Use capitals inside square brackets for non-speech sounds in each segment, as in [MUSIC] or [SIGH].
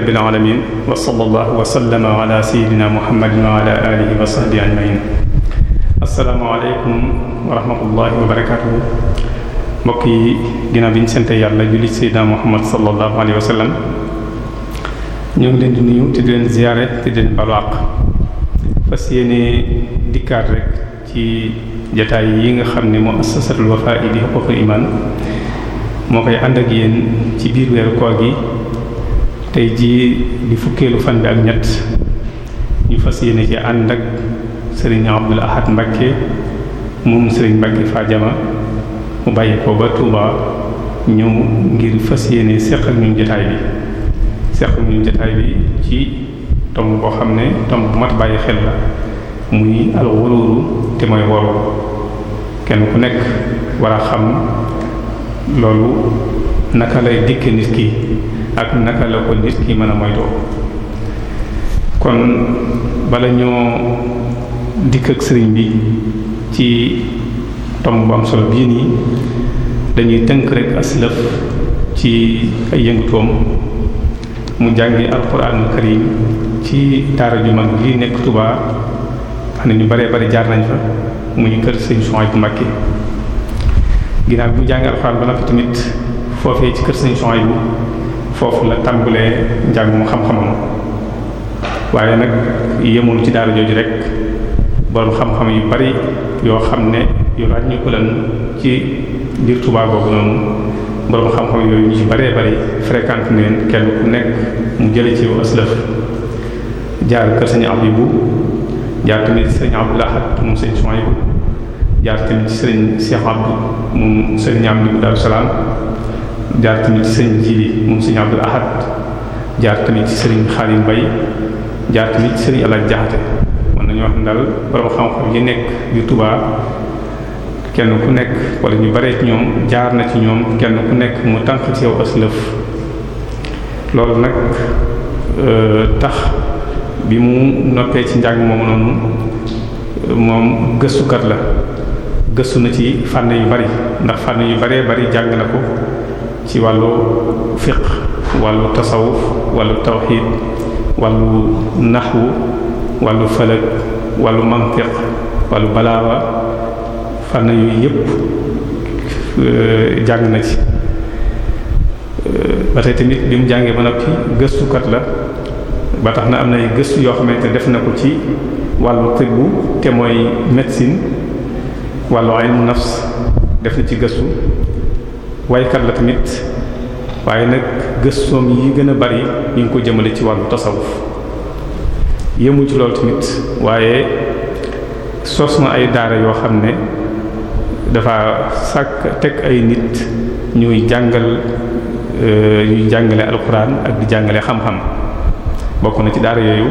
rabbil alamin wa sallallahu wa sallama ala sayyidina muhammadin wa ala alihi wa sahbihi ajmain assalaamu aleykum wa rahmatullahi wa barakatuhu mbokk yi ginnaaw bi ñu sante yàlla julli sayyidina muhammad sallallahu alayhi wa sallam ñoo ngi leen di nuyu te di leen ziyaare te di leen balu àq fas yéene dikkaat rek ci jataay yi nga xam ne mu assasatul wafa yi di xuququl iman moo koy ànd ak yéen ci biir weeru koor gi tey jii di fukkeelu fan bi ak ñett ñu fas yéene ci ànd ak sëriñ Abdul Ahad Mbakke moom sëriñ Mbakke Fadiama mu bàyyi ko ba Touba ñëw ngir fas yéene seq ak ñun jotaay bi seq ak ñun jotaay bi ci tomb boo xam ne tomb bu mat bàyyi xel la muy alxuruuru te mooy woru kenn ku nekk war a xam loolu naka lay dikke nit ki ak naka la ko nit ki mën a moytoo kon bala ñoo dikk ak sëriñ bi ci tomb bu am solo bii nii dañuy tënk rek aslëf ci ay yëngutoom mu jàngi alquranul karim ci daara ju mag gi nekk Touba xam ne ñu baree bari jaar nañ fa muy kër sëñ Soy bu Mbakke ginnaaw bi mu jàngi alquran ba noppi tamit foofee ci kër sëñ Soy bu foofu la tàmbalee njàngum xam-xamam waaye nag yemul ci daal daara jooju rek borom xam-xam yu bari yoo xam ne yu ràññiku lan ci biir Tuubaa boobu noonu borom xam-xam yooyu ñu ci baree bari fréquente neen kenn ku nekk mu jële ci yow aslaf jaar kër Sëriñ Abibu jaar tamit Sëriñ Abdul Ahad moom Sëriñ Sumaybu jaar tamit Sëriñ Cheikh Abdou moom Sëriñ Amdi bu Daaru jaar tamit ci sëriñ Jili moom sëriñ Abdul Ahad jaar tamit ci sëriñ Xaalim Bay jaar tamit ci sëriñ Alaaj Jaxate mën nañu wax ne daal borom xam-xam yi nekk yu Tuubaa kenn ku nekk wala ñu bare ci ñoom jaar na ci ñoom kenn ku nekk mu tànk ci yow aslëf loolu nag euh, tax bi mu noppee ci njàng moom noonu moom gëstukat la gëstu na ci fànn yu bari ndax fànn yu baree bari jàng na ko ci wàllu fiq wàllu tasawuf wàllu tawxid wàllu naxwu wàllu fëlëg wàllu mantiq wàllu balaawa fànn yooyu yëpp euh, jàng na ci euh, ba tey tamit bi mu jàngee ba noppi gëstukat la ba tax na am na ay gëstu yoo te def na ko ci wàllu tibbu te mooy médecine wàllu ilmu nafs def na ci gëstu waykat la tamit waaye nag gëstoom yi gën a bari ñu ngi ko jëmale ci wàllu tasawuf yëmul ci loolu tamit waaye sos na ay daara yoo xam ne dafa sàkk teg ay nit ñuy jàngal euh, ñuy jàngale alxuraan ak di jàngale xam-xam bokk na ci daara yooyu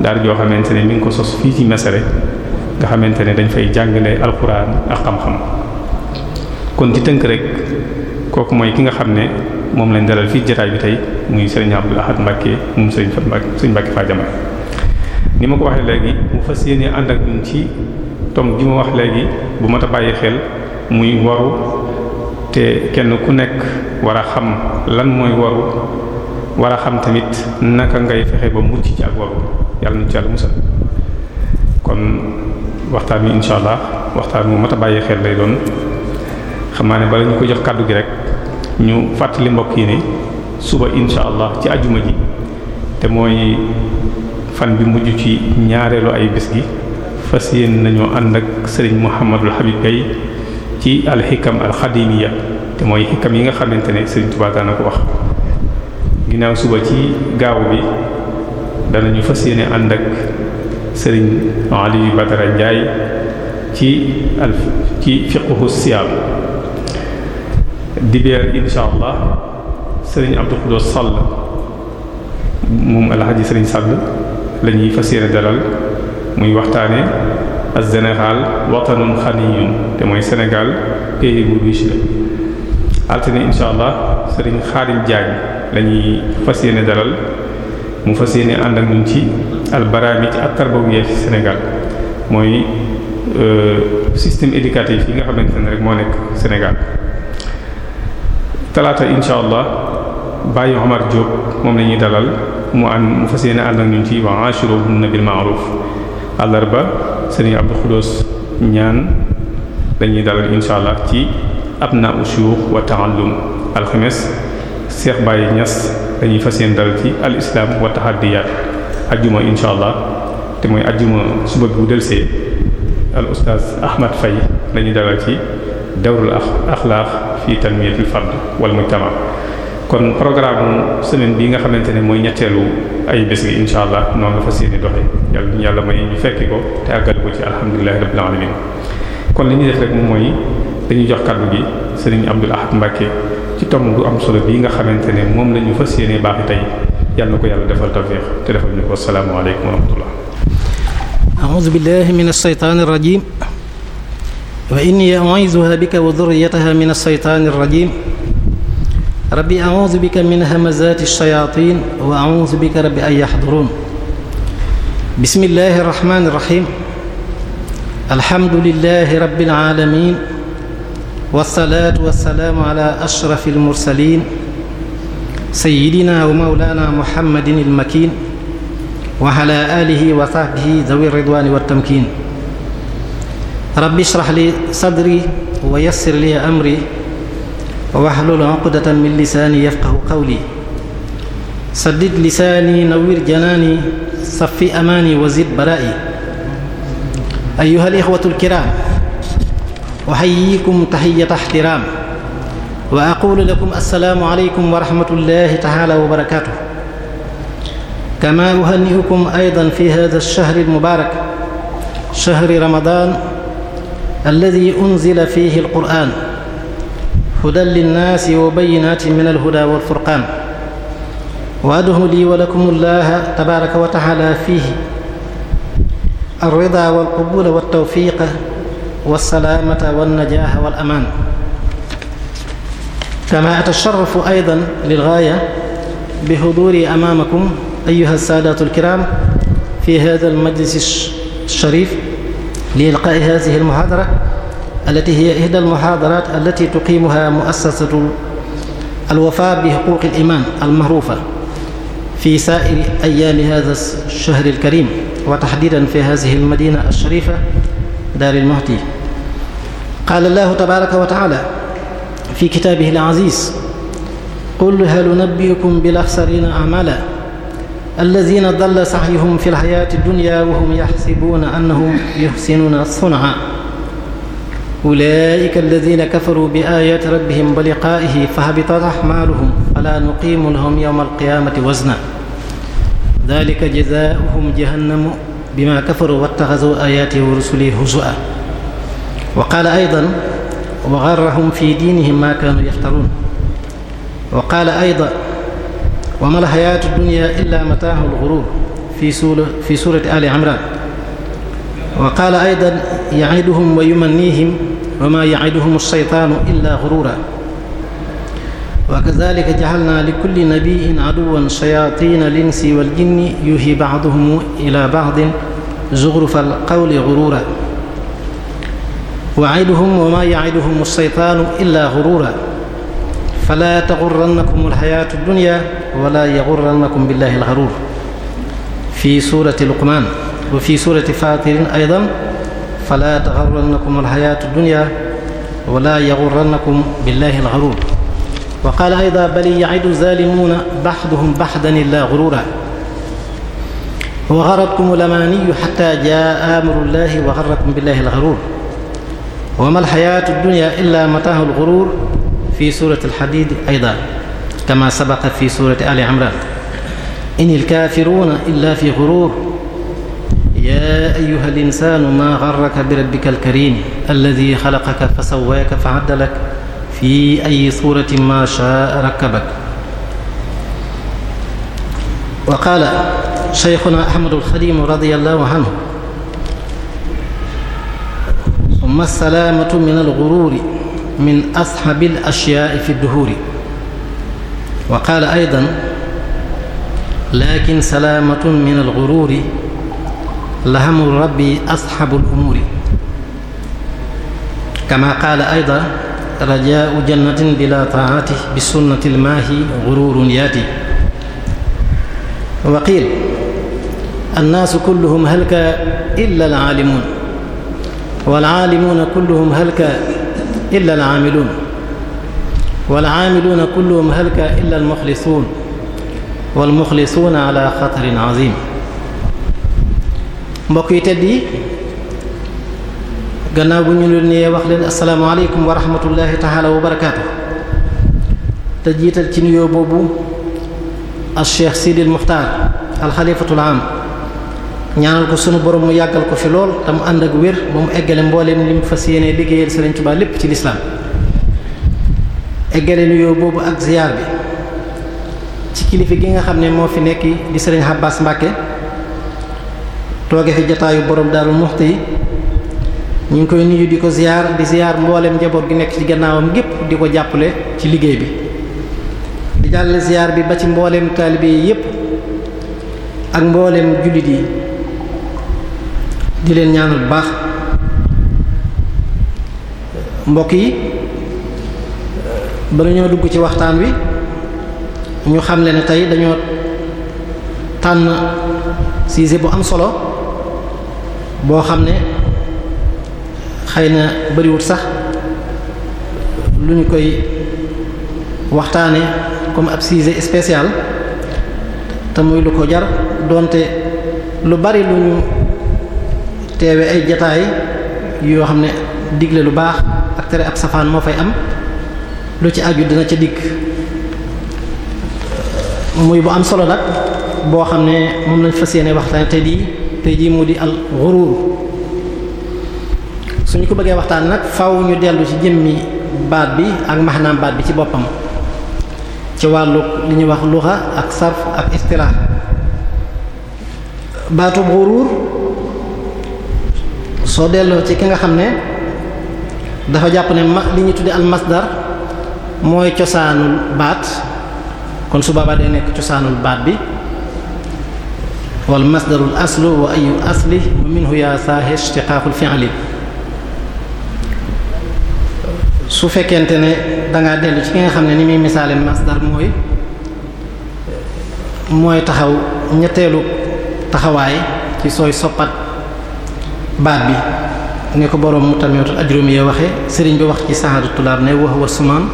daara joo xamante ne mi ngi ko sos fii ci mesare nga xamante ne dañ fay jàngale alxuraan ak xam-xam kon ci tënk rek kooku mooy ki nga xam ne moom lañ dalal fii jotaay bi tey muy sëriñ Abdou Ahad Mbacke moom sëriñ Fat Mbacke sëriñ Mbacke Fadiama ni ma ko waxee léegi mu fas yéene ànd ak ñun ci tom gi ma wax léegi bu mat a bàyyi xel muy waru te kenn ku nekk war a xam lan mooy waru war a xam tamit naka ngay fexe ba mucc ci ak waru yàlla na ci yàlla musal kon waxtaan wi incha allah waxtaan mu mat a bàyyi xel lay doon. xam naa ne bala ñu ko jox kàddu gi rek ñu fàttali mbokk yi ne suba insha allah ci ajuma ji te mooy fan bi mujj ci ñaareelu ay bis gi fas yéen nañoo ànd ak sëriñ Muhammadul Habib Gaye ci alxikam alxadimiya te mooy xikam yi nga xamante ne sëriñ Tuubaa daana ko wax ginnaaw suba ci gaaw bi dana ñu fas yéene ànd ak sëriñ Aliou Badara Ndiaye ci al ci fiqhu siyaam dibeer insha allah sëriñ Abdou Khoudoss Sall moom alxaji sëriñ Sall la ñuy fas yéene dalal muy waxtaane ak Sénégal watanun xaniyun te mooy Sénégal pays bu riche la altine insha allah sëriñ Xaadim Diagne la fas yéene dalal mu fas yéene ànd ak ñun ci albaraamij ak tarbawiyya ci Sénégal mooy euh, système éducatif yi nga xamante ne rek moo nekk Sénégal talaata incha allah Baye Omar Diop moom lañuy ñuy dalal mu ànd mu fas yéene ànd ak ñun ci wa ashiruhunna bil ma'ruf àllarba Serigne Abdou Khoudoss ñaan dañuy dalal incha allah ci abna ushuyukh wa ta'allum alxames Cheikh Baye Niass dañuy fas yéene dalal ci al islam wa tahaddiyat ajjuma incha allah te mooy ajjuma suba bi bu delsee al oustaz Ahmad Faye dañuy dalal ci dawrul akhlaq fi tanmiyatil fard wal mujtama kon programme semaine bii nga xamante ne mooy ñetteelu ay bés gi incha allah noonu la fa seeni doxe yàlla duñu yàlla may ñu fekki ko te àggal ko ci alhamdulilahi rabbil alamin kon li ñuy def rek moom mooy dañuy jox kàddu gi sëriñ Abdul Ahad Mbacke ci tom bu am solo bii nga xamante ne moom la ñu fas yéene baax tey yàlla na ko yàlla defal tawfiq te defal ñu ko assalaamu aleykum wa rahmatullah a'uuzu billahi minash shaytaanir rajiim wa inni u'iizuha bika wa dhurriyyataha min ash-shaytaani ar-rajiim rabbi a'uuzu bika min hamazaati ash-shayaatiin wa a'uuzu bika rabbi an yahduruun bismillaahi rahmaani rahiim alhamdulillaahi rabbil aalamiin wassalaatu wassalaamu alaa ashrafil mursaliin sayyidinaa wa mawlaanaa muhammadin al-makiin wa alaa aalihi wa sahbihi dhawi ridwaani wat-tamkiin rabbi ishrah li sadri wa yassir li amri wahlul uqdatan min lisaani yafqahu qawli saddid lisaani nawwir janaani saffi amaani wa zid balaa'i ayyuha al ikhwatu al kiram uhayyikum tahiyyata ihtiraam wa aqulu lakum assalaamu aleykum wa rahmatullahi ta'ala wa barakatuh kama uhanni'ukum aydan fi hadha ash-shahr al-mubarak shahri ramadan الذي أنزل فيه القرآن هدى للناس وبينات من الهدى والفرقان وأده لي ولكم الله تبارك وتعالى فيه الرضا والقبول والتوفيق والسلامة والنجاح والأمان كما أتشرف أيضا للغاية بحضوري أمامكم أيها السادات الكرام في هذا المجلس الشريف لإلقاء هذه المحاضرة التي هي إحدى المحاضرات التي تقيمها مؤسسة الوفاء بحقوق الإيمان المعروفة في سائر أيام هذا الشهر الكريم وتحديدا في هذه المدينة الشريفة دار المهدي قال الله تبارك وتعالى في كتابه العزيز قل هل ننبئكم بالأخسرين أعمالا alladina dalla saxyuhum fi lxayaati dunya wa hum yaxsibuuna annahum yuxsinuuna sunaa ulaika alladina kafaru bi ayaati rabbihim wa liqaa'ihi fa habitat axmaaluhum falaa nuqiimu lahum yowma alqiyaamati wazna dalika jazaauhum jahannamu bima kafaru wattaxasu ayaati wa rusuli huzua wa qaala aydan wa garrahum fi diinihim maa kaanu yaftaruun wa qaala aydan wa mal xayaatu dunya illa mataaxul gurur fi suura fi suurati ali imran wa qaala aydan yaciduhum wa yumannihim wa ma yaciduhum alseytaanu illa gurura wa kadalika jacalna likulli nabiyin caduwan shayaatiina linsi waljinni yuhi bacduhum ila bacdin zuxrufa alqawli gurura waciduhum wa ma yaciduhum alseytaanu illa gurura fala taxurrannakum alxayaatu dunya wala yaxurrannakum billahi alxaruur fi suurati luqmaan wa fi suurati faatirin aydan fala taxurrannakum alxayaatu dunya wala yaxurrannakum billahi alxaruur wa qaala aydan bal ya'idu zaalimuuna baxduhum baxdan illaa xuruura wa garratkum alamaaniyu xatta jaa amrullahi wa garrakum billahi alxaruur wa ma alxayaatu dunya illaa mataahu alxuruur في سورة الحديد أيضا كما سبق في سورة آل عمران إن الكافرون إلا في غرور يا أيها الإنسان ما غرك بربك الكريم الذي خلقك فسواك فعدلك في أي صورة ما شاء ركبك وقال شيخنا أحمد الخليم رضي الله عنه ثم السلامة من الغرور min asxabi al-ashyaa fi duhuuri wa qaala aydan laakin salaamatun min al-guruuri lahamu rabbi asxabu al-umuuri kamaa qaala aydan rajaau jannatin bilaa taa'ati bi sunnati al-maahi guruurun yaati wa qiil annaasu kulluhum halka illa al-aalimuun wal-aalimuuna kulluhum halka illa alaamiluun walaamiluuna kulluhum halka illa almuxlisuun walmuxlisuuna ala xatarin azim mbokk yi tedd yi gannaaw bu ñu leen nee wax leen asalaamaaleykum wa rahmatullahi taala wa barakaatu te jiital ci nuyoo boobu al cheikh Sidil Muxtaar al xalifatul am ñaanal ko sunu borom mu yàggal ko fi lool te mu ànd ak wér ba mu eggale mbooleem li mu fas yéenee liggéeyal Sëriñ Tuubaa lépp ci lislaam eggale nuyoo boobu ak ziyaar bi ci kilifa gi nga xam ne moo fi nekk di Sëriñ Abbas Mbàkke tooge fi jataayu boroom Daarul Muxti yi ñu ngi koy nuyu di ko ziyaar di ziyaar mbooleem njaboot gi nekk ci gannaawam gépp di ko jàppale ci liggéey bi di jàll ziyaar bi ba ci mbooleem taalibe yi yépp ak mbooleem jullit yi di leen ñaanal bu baax mbokk yi ba ñoo dugg ci waxtaan wi ñu xamle ne tey dañoo tànn sujet bu am solo boo xam ne xëy na bariwul sax lu ñu koy waxtaane comme ab sujet spécial te muy lu ko jar doonte lu bari lu ñu teewe ay jataay yoo xam ne digle lu baax ak tere ab safaan moo fay am lu ci aju dina ca dikk muy bu am solo nag boo xam ne moom lañ fas yéene waxtaan te di tey jii mu di al xuruur suñu ko bëggee waxtaan nag faw ñu dellu ci jëmmi baat bi ak maxnaam baat bi ci boppam ci wàllu li ñuy wax luxa ak sarf ak istilah baatub xuruur soo delloo ci ki nga xam ne dafa jàpp ne ma li ñu tudde al masdar mooy cosaanul baat kon su boobaa day nekk cosaanul baat bi wal masdarul aslu wa ayu asli wa minhu yaa saahi ishtiqaaqul fi'li su fekkente ne dangaa dellu ci ki nga xam ne ni muy misaale masdar mooy mooy taxaw ñetteelu taxawaay ci sooy soppat baat bi ni ko boroom mu tamit ajrumi ya waxe sëriñ bi wax ci saxaatu tulaab ne wax wa sumaan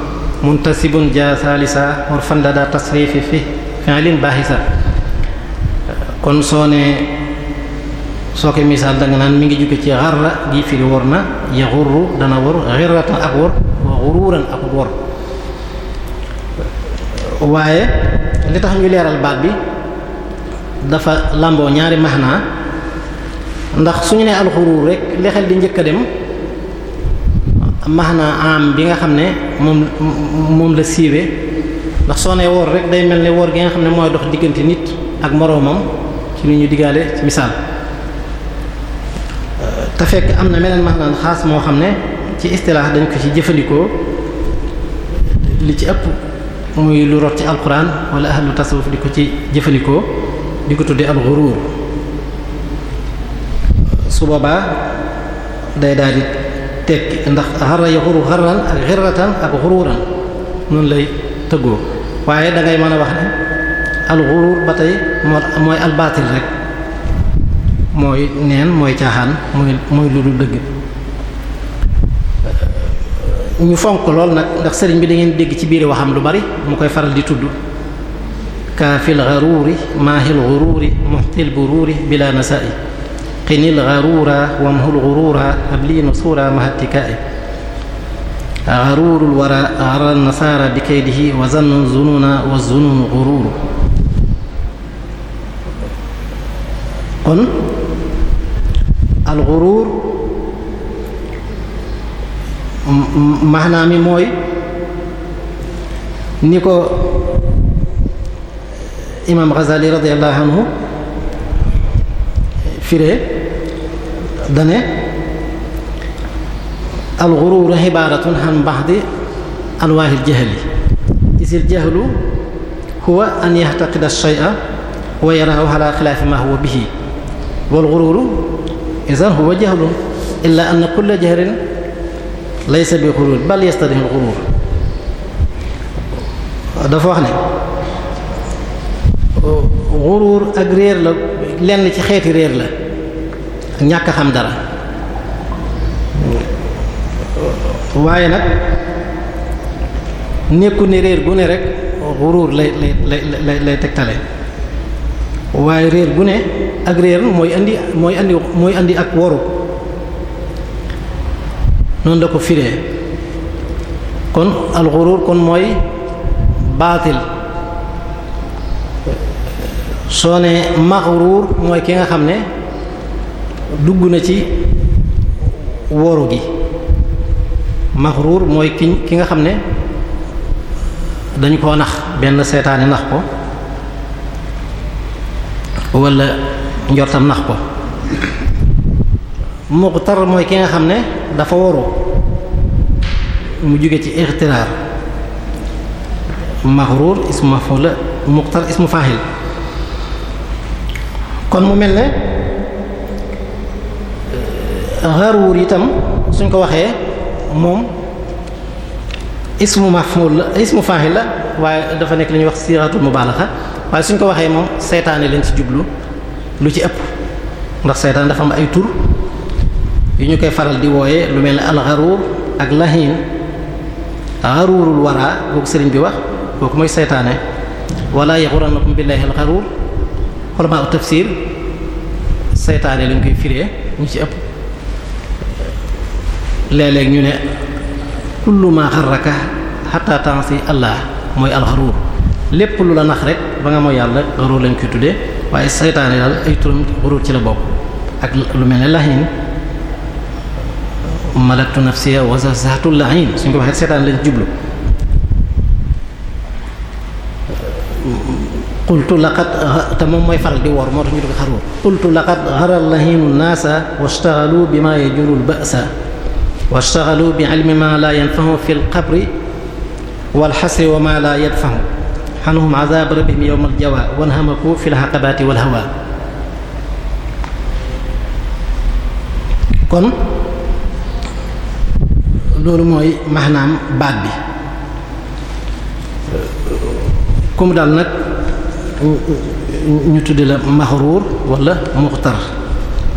muntasibun ja salisa war fandada tasrifi fi fi'lin bahisa kon soo ne soo ko misaal danga naan mi ngi jóge ci xarra gi firi wor na yaxurru dana wor xirratan ak wor wa xuruuran ak wor waaye li tax ñu leeral baat bi dafa lamboo ñaari maxnaa ndax su ñu nee alxuruur rek li di njëkk a dem maanaa am bi nga xam ne moom moom la siiwee ndax soo nee woor rek day mel ne wor gi nga xam ne mooy dox diggante nit ak moroomam ci lu ñu digaale ci misaal te fekk am na meneen maanaan xaas moo xam ne ci istilaax dañ ko ci jëfandikoo li ci ëpp muy lu rot ci alquran wala ahlu tasawuf di ko ci jëfandikoo di ko tuddee alxuruur su boobaa day daal di tekki ndax xarra yaxuru xarran ak xirratan ak xuruuran noonu lay tëggoo waaye da mën a wax ne alxuruur ba tey moo mooy albaatil rek mooy neen mooy caaxaan mooy mooy lu dul dëgg ñu fonk lool nag ndax sëriñ bi da ngeen dégg ci biir waxam lu bari mu koy faral di tudd kaafil xaruuri maahil xuruuri muxtil buruuri bila nasa'i قن الغرورا وامهل غرورا أبلي نصورا مع اتكائه غرور الورى غرى النصارى بكيده وظن الظنون والظنون غرور kon alxuruur maanaa mi mooy ni ko imaam Ghazali radiyallahu anhu firee dane alxuruuru xibaaratun xan baxdi anwaahil jahli isil jahlu huwa an yaxtaqida shay'a wa yaraahu ala xilaafi ma huwa bihi wal xuruuru isan huwa jahlun illa anna kulla jahlin laysa bi xuruur bal yastadihul xuruur dafa wax ne xuruur ak réer la lenn ci xeeti réer la ñàkk a xam dara waaye nag nekku ne réer gu ne rek xuruur lay lay lay tegtale waaye réer gu ne ak réer mooy andi mooy andi mooy andi ak woru noonu la ko firee kon al xuruur kon mooy baatil soo ne maxruur mooy ki nga xam ne dugg na ci woru gi maxruur mooy ki ki nga xam ne dañ koo nax benn seetaane nax ko walla njortam nax ko muxtar mooy ki nga xam ne dafa woru mu jóge ci ixtiraar maxruur ismu maf'ul muxtar ismu faahil kon mu mel ne xaruur itam suñ ko waxee moom ismu maf'ul la ismu fa'il la waaye dafa nekk li ñuy wax siratul mubalagha waaye suñ ko waxee moom seytaane lañ ci jublu lu ci ëpp ndax seytaane dafa am ay tur yu ñu koy faral di wooyee lu mel ni ne alxaruur ak lahin xaruurul waraa boobu sëriñ bi wax kooku mooy seytaane wala yaxurannakum billahi alxaruur xulamaa tafsir seytaane lañ koy firee ñu ci ëpp léeg ñu ne kullu ma xarraka hatta tansi allah mooy alxaruur lépp lu la nax rek ba nga mooy yàlla xaruur lañ koy tuddee waaye seytaane daal ci la bokk lu mel ne lahin malaktu nafsiya wa zahzahtu lahin suñ ko jublu qultu laqad te moom mooy faral di woor moo tax ñu dugg xaruur qultu laqad xara lahinu naasa wastaghalu bima yajurul ba'sa washtaxalu bi ilmi ma la yanfahu fi lqabri walxasri wa ma la yadfahu xanhum azab rabbihim yowma aljawa wanhamaku fi lxaqabati walhawa kon loolu mooy maanaam baat bi ku mu dal nag ñu tuddi la maxruur wala muxtar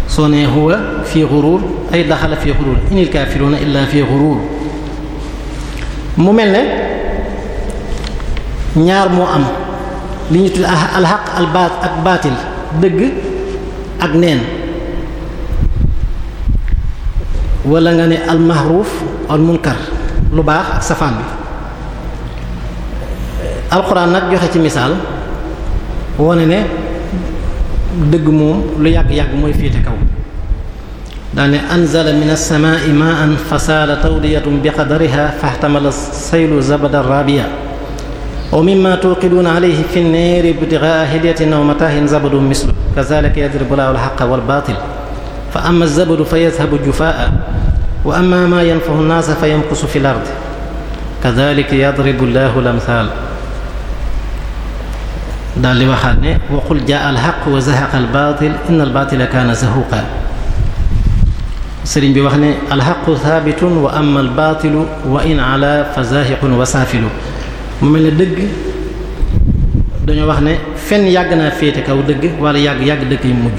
soo nee huwa fi xuruur ay daxala fi xuruur inil kaafiruuna illa fi xuruur mu mel ne ñaar moo am li ñu tudd alxaq albaat ak baatil dëgg ak neen wala nga ne almahruuf al munkar lu baax ak safaan bi alxuraan nag joxe ci misaal wone ne dëgg moom lu yàgg-yàgg mooy féete kaw daal ne anzala min as-samaa'i maa'an fa saala tawdiyatun bi qadariha fahtamala saylu zabada rabiya aw mimma tuuqiduuna alayhi fi nnaari ibtigaa hilyatin aw mataahin zabadu mislu kazalika yadribu laahu al-haqqa wal-baatil fa amma az-zabadu fa yazhabu jufaa'an wa amma maa yanfahu an-naasa fa yanqusu fi l-ardi kazalika yadribu laahu al-amthaal daal di waxaat ne wa qul jaa'a al-haqqu wa zahaqa al-baatil inna al-baatila kaana zahuuqan sëriñ bi wax ne alxaqu thabitun wa ama albaatilu wa in ala fa zahiqun wa saafilu mu mel ne dëgg dañoo wax ne fenn yàgg naa féete kaw dëgg wala yàgg yàgg dëkk yu mujj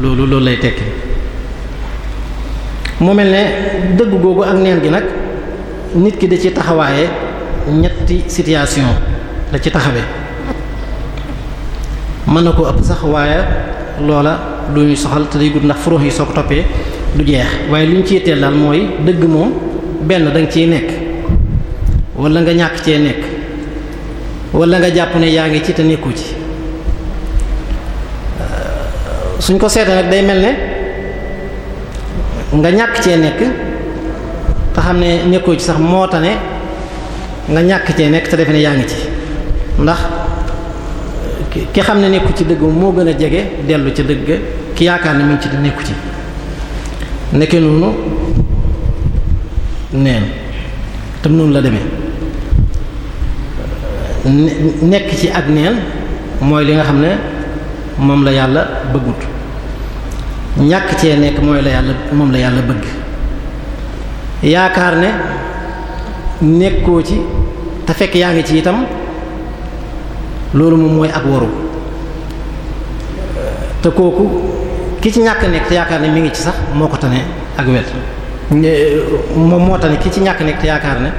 loolu loolu lay tekki mu mel ne dëgg googu ak neen gi nag nit ki da ci taxawaaye ñetti situation da ci taxawee mën na ko ëpp sax waaye loola lu ñuy soxal te day gudd ndax furux soo ko toppee du jeex waaye lu ñu ci yitteel daal mooy dëgg moom benn danga nga ciy nekk wala nga ñàkk cee nekk wala nga jàpp ne yaa ngi ci te nekku ci euh, suñ ko seetee day mel ne nga ñàkk cee nekk te xam ne nekkoo ci sax moo tane nga ñàkk cee nekk te defe ne yaa ngi ci ndax ki xam ne nekku ci dëgg moo gën a jege dellu ca dëgg ki yaakaar ne mi ngi ci di nekku ci nekkee noonu neen tam noonu la deme nekk ci ak neen mooy li nga xam ne moom la yàlla bëggut ñàkk cee nekk mooy la yàlla moom yàlla bëgg yaakaar ne nekkoo ci te fekk yaa ngi ci itam loolu moom mooy ak waru te kooku ki ci ñàkk nekk te yaakaar ne mi ngi ci sax moo ko tane ak wet moom moo tane ki ci ñàkk nekk te yaakaar ne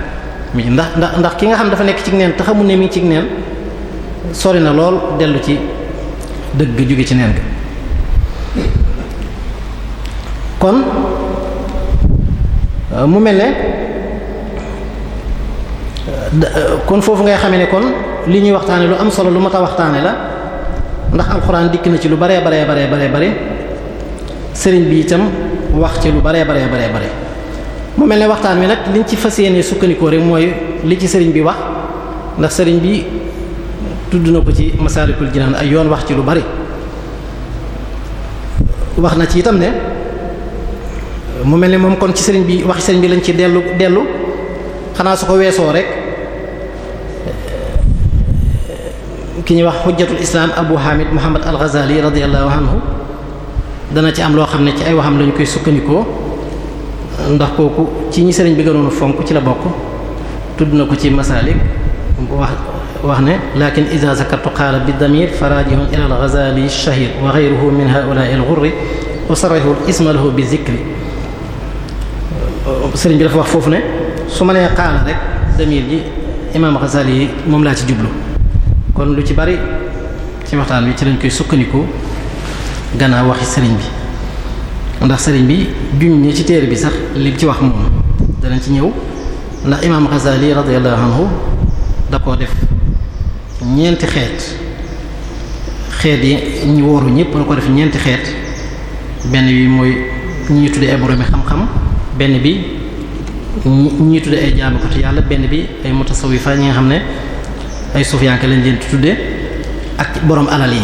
mi ndax ndax ndax ki nga xam dafa nekk ci neen ne mi ngi ci na lool dellu ci dëgg jóge ci neen kon euh, mu mel ne euh, euh, kon foofu ngay xamee ne kon li ñuy waxtaane lu am solo lu mat a waxtaane la ndax alxuraan dikk na ci lu bare bare bare bare bare sëriñ bi itam wax ci lu baree baree baree bare mu mel ne waxtaan wi nag liñ ci fas yéenee sukkandikoo rek mooy li ci sëriñ bi wax ndax sëriñ bi tudd na ko ci Masaalikul Jinaan ay yoon wax ci lu bari wax na ci itam ne mu mel ne moom kon ci sëriñ bi wax sëriñ bi lañ ci dellu dellu xanaa su ko weesoo rek ki ñuy wax xujjatul islaam Abu Hamid Muhammad al-Ghazali radiyallahu anhu dana ci am loo xam ne ci ay waxam lañu koy sukkandikoo ndax kooku ci ñi sëriñ bi gënoon fonk ci la bokk tudd na ko ci masalik wax wax ne lakin iza zakartu qaala bi damir farajihun ila al ghazali shahir wa ghayruhu min sëriñ bi dafa wax foofu ne su ma nee qaala rek damir ji imaam ghazali yi moom laa ci jublu kon lu ci bari ci waxtaan wi ci lañ koy sukkandiku gannaaw waxi sëriñ bi ndax sëriñ bi juñ ne ci téere bi sax li ci wax moom danañ ci ñëw ndax imaam Ghazali radiyallahu anhu da koo def ñeenti xeet xeet yi ñu wooru ñëpp da ko def ñeenti xeet benn bi mooy ñi tudde ay boromi xam-xam benn bi ñi tudde ay jaamukatu yàlla benn bi ay mutasawifa ñi nga xam ne ay sufiyanke lañ leen tudde ak boroom alal yi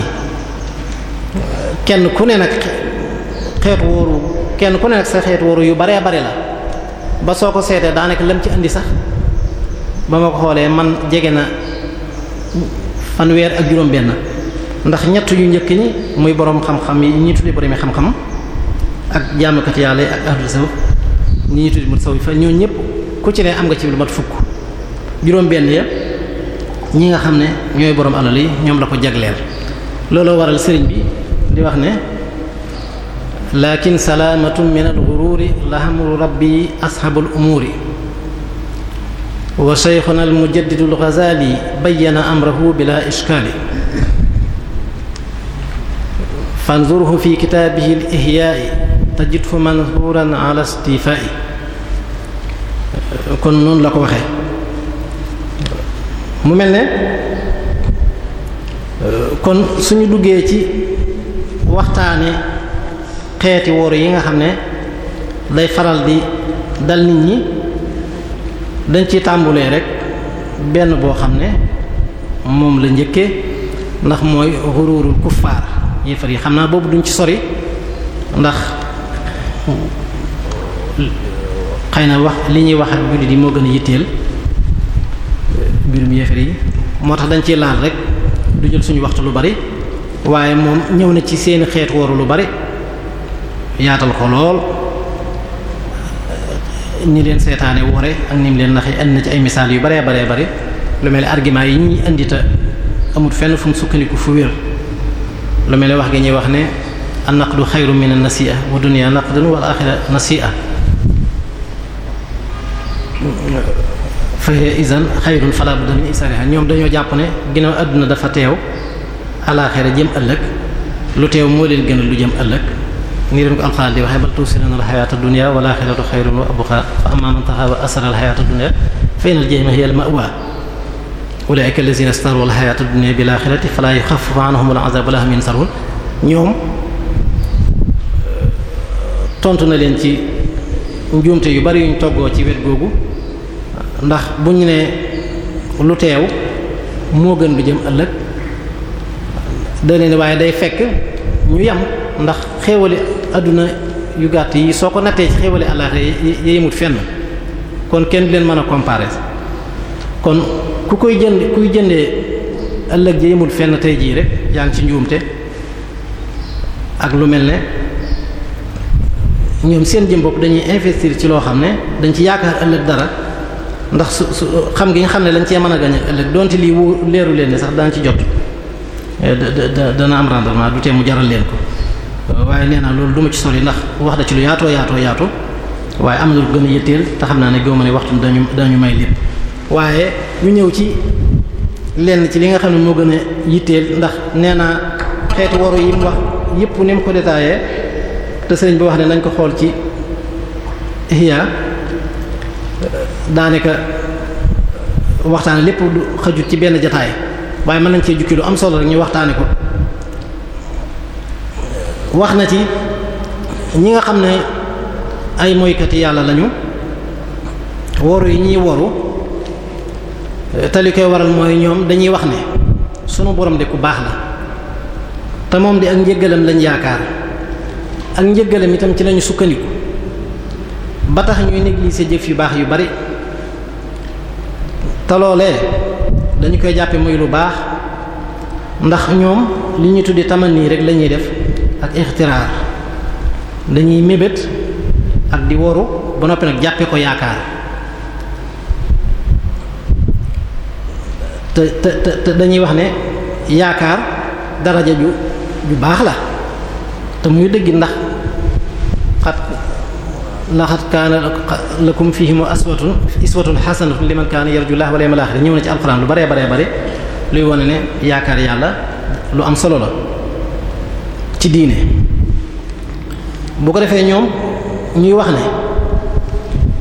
kenn ku ne nag xeet wóoru kenn ku ne nag sa xeet wóoru yu baree bari la ba soo ko seetee daanaka lam ci indi sax ba ma ko xoolee man jege na fanweer ak juróom-benn ndax ñett yu njëkk ñi muy borom xam-xam yi ñi tuddi borom xam-xam ak jaamukat yàlla ak ahlul saw ñi ñuy tuddi mu saw fa ñoo ñépp ku ci ne am nga ci lu mat fukk juróom-benn ya ñi nga xam ne ñooy borom alal yi ñoom la ko jagleel looloo waral sëriñ bi. di wax ne lakin salaamatun min alxuruuri la amru rabbi asxaabul umuuri wa sheykhuna almujaddidu alxazaali bayyana amrahu bila ishkaali fanzurhu fi kitaabihi alihyaai tajidhu mansuuran ala istifaai kon noonu la ko waxee mu mel ne kon suñu duggee ci waxtaane xeeti wóoru yi nga xam ne day faral di dal nit ñi dañ ci tàmbulee rek benn boo xam ne moom la njëkkee ndax mooy xuruurul kuffaar yéefar yi xam naa boobu duñ ci sori ndax xëy na wax li ñuy wax ak jullit yi moo gën a yitteel mbirum yéefar yi moo tax dañ ciy laal rek du jël suñu waxtu lu bari waaye moom ñëw na ci seeni xeet waru lu bari yaatal ko lool ñi leen seetaane wore ak nim leen naxe indi na ci ay misaal yu bare baree bari lu mel ne argument yi ñuy indi te amul fenn fu mu sukkandiku fu wér lu mel ne wax gi ñuy wax ne an naqdu xayru min an-nasi'a wa dunya naqdun wal axira nasi'a fa hiya izan xayrun fala budda min ñoom dañoo jàpp ne ginnaaw àdduna dafa teew alaaxira jëm ëllëg lu teew moo leen gënal lu jëm ëllëg nii leen ko alxuraan di waxee bal tuusiruna alxayaata dunya wal aaxiratu xayrun wa abqaa fa ammaa man taxaa wa asara alxayaata dunya fa inal jahima hiya alma'waa ulaa'ika allaziina istaru alxayaata dunya bil aaxirati falaa yuxaffafu anhum alazaabu wa laa hum yunsaruun ñoom tontu na leen ci njuumte yu bari yuñ toggoo ci wet googu ndax buñ ne lu teew moo gën lu jëm ëllëg dane ni waaye day fekk ñu yam ndax xéewali adduna yu gàtt yi soo ko nattee ci xéewali àllaxira yi yemut fenn kon kenn du leen mën a comparer kon ku koy jënd kuy jëndee ëllëg ja yemut fenn tey jii rek yaa ngi ci njuumte ak lu mel ne ñoom seen jëm bopp dañuy investir ci loo xam ne dañ ci yaakaar ëllëg dara ndax su su xam gi nga xam ne lañ cee mën a gañ ëllëg donte lii wu leeru leen ne sax daan ci jot Eh, dana am rendement du tee mu jaral leen ko eh, waaye nee naa loolu du ci sol sori ndax wax na ci lu yaato yaatoo yaatu waaye am na lu gën a yitteel te xam naa ne gëw ma ne waxtu dañu dañu may lépp waaye ñu ñëw ci lenn ci li nga xam ne moo gën a yitteel ndax nee naa xeetu waru yi mu wax yëpp ne mu ko détaillé te sëriñ bi wax ne nañ ko xool ci Ihya eh, daanaka waxtaan lépp du xajut ci benn jataay waaye mën nañ cee jukki lu am solo rek ñu waxtaane ko wax na ci ñi nga xam ne ay moykati yàlla lañu woru yi ñuy woru te li koy waral mooy ñoom dañuy wax ne sunu borom de ku baax la te moom di ak njëggalam lañ yaakaar ak njëggalam itam ci lañu sukkandiku ba tax ñuy négliger jëf yu baax yu bari te dañu koy jàppee muy lu baax ndax ñoom li ñuy tuddi tamani rek lañuy def ak ixtiraar dañuy mébét ak di woru ba noppi nag jàppe ko yaakaar te te te dañuy wax ne yaakaar daraja ju ju baax la te muy dëgg ndax xat laqad kaana lakum fihim aswatun iswatun hasanatun liman kaana yarju llaha wal yawmal akhir ñëw na ci alquran lu bare bare bare luy wone ne yaakaar yàlla lu am solo la ci diine bu ko defee ñoom ñuy wax ne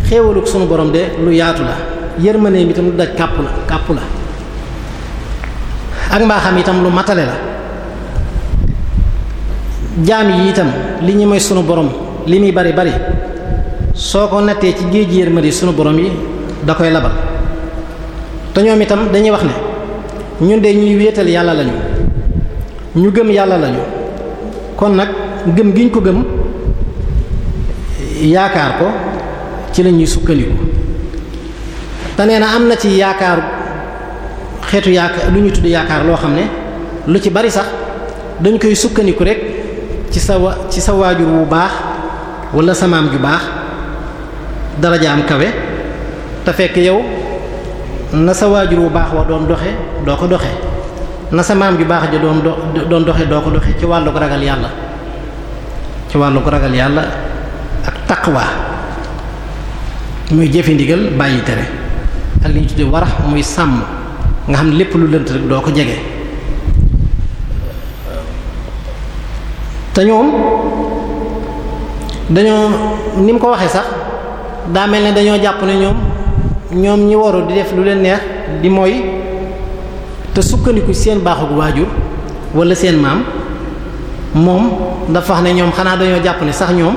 xéewaluk sunu borom de lu yaatu la yërmandeem itam lu daj kàpp la kàpp la ak mbaaxam itam lu matale la jaam yi itam li ñu may sunu borom li muy bari bari soo ko nattee ci géej yërmande sunu borom yi da koy labal te ñoom itam dañuy wax ne ñun de ñuy wéetal yàlla lañu ñu gëm yàlla lañu kon nag gëm gi ñu ko gëm yaakaar ko ci lañuy sukkandiku te nee na am na ci yaakaar xeetu yaakaar lu ñuy tudd yaakaar loo xam ne lu ci bari sax dañ koy sukkandiku rekk ci sa wa ci sa waajur wu baax wala samaam maam ju baax. dara darajaam kawe te fekk yow na sa waajur wu baax wa doon doxe doo ko doxe na sa maam ju baax ja doon doxe doo ko doxe ci wàllu ko ragal yàlla ci wàllu ko ragal yàlla ak taqwa muy jëfe ndigal bàyyi tere ak li ñu tudde warax muy sàmm nga xam ne lépp lu lënt rek doo ko jege te ñoom dañoo ni mu ko waxee sax daa mel ne dañoo jàpp ne ñoom ñoom ñi waru di def lu leen neex di mooy te sukkandiku seen baaxug waajur wala seen maam moom dafa wax ne ñoom xanaa dañoo jàpp ne sax ñoom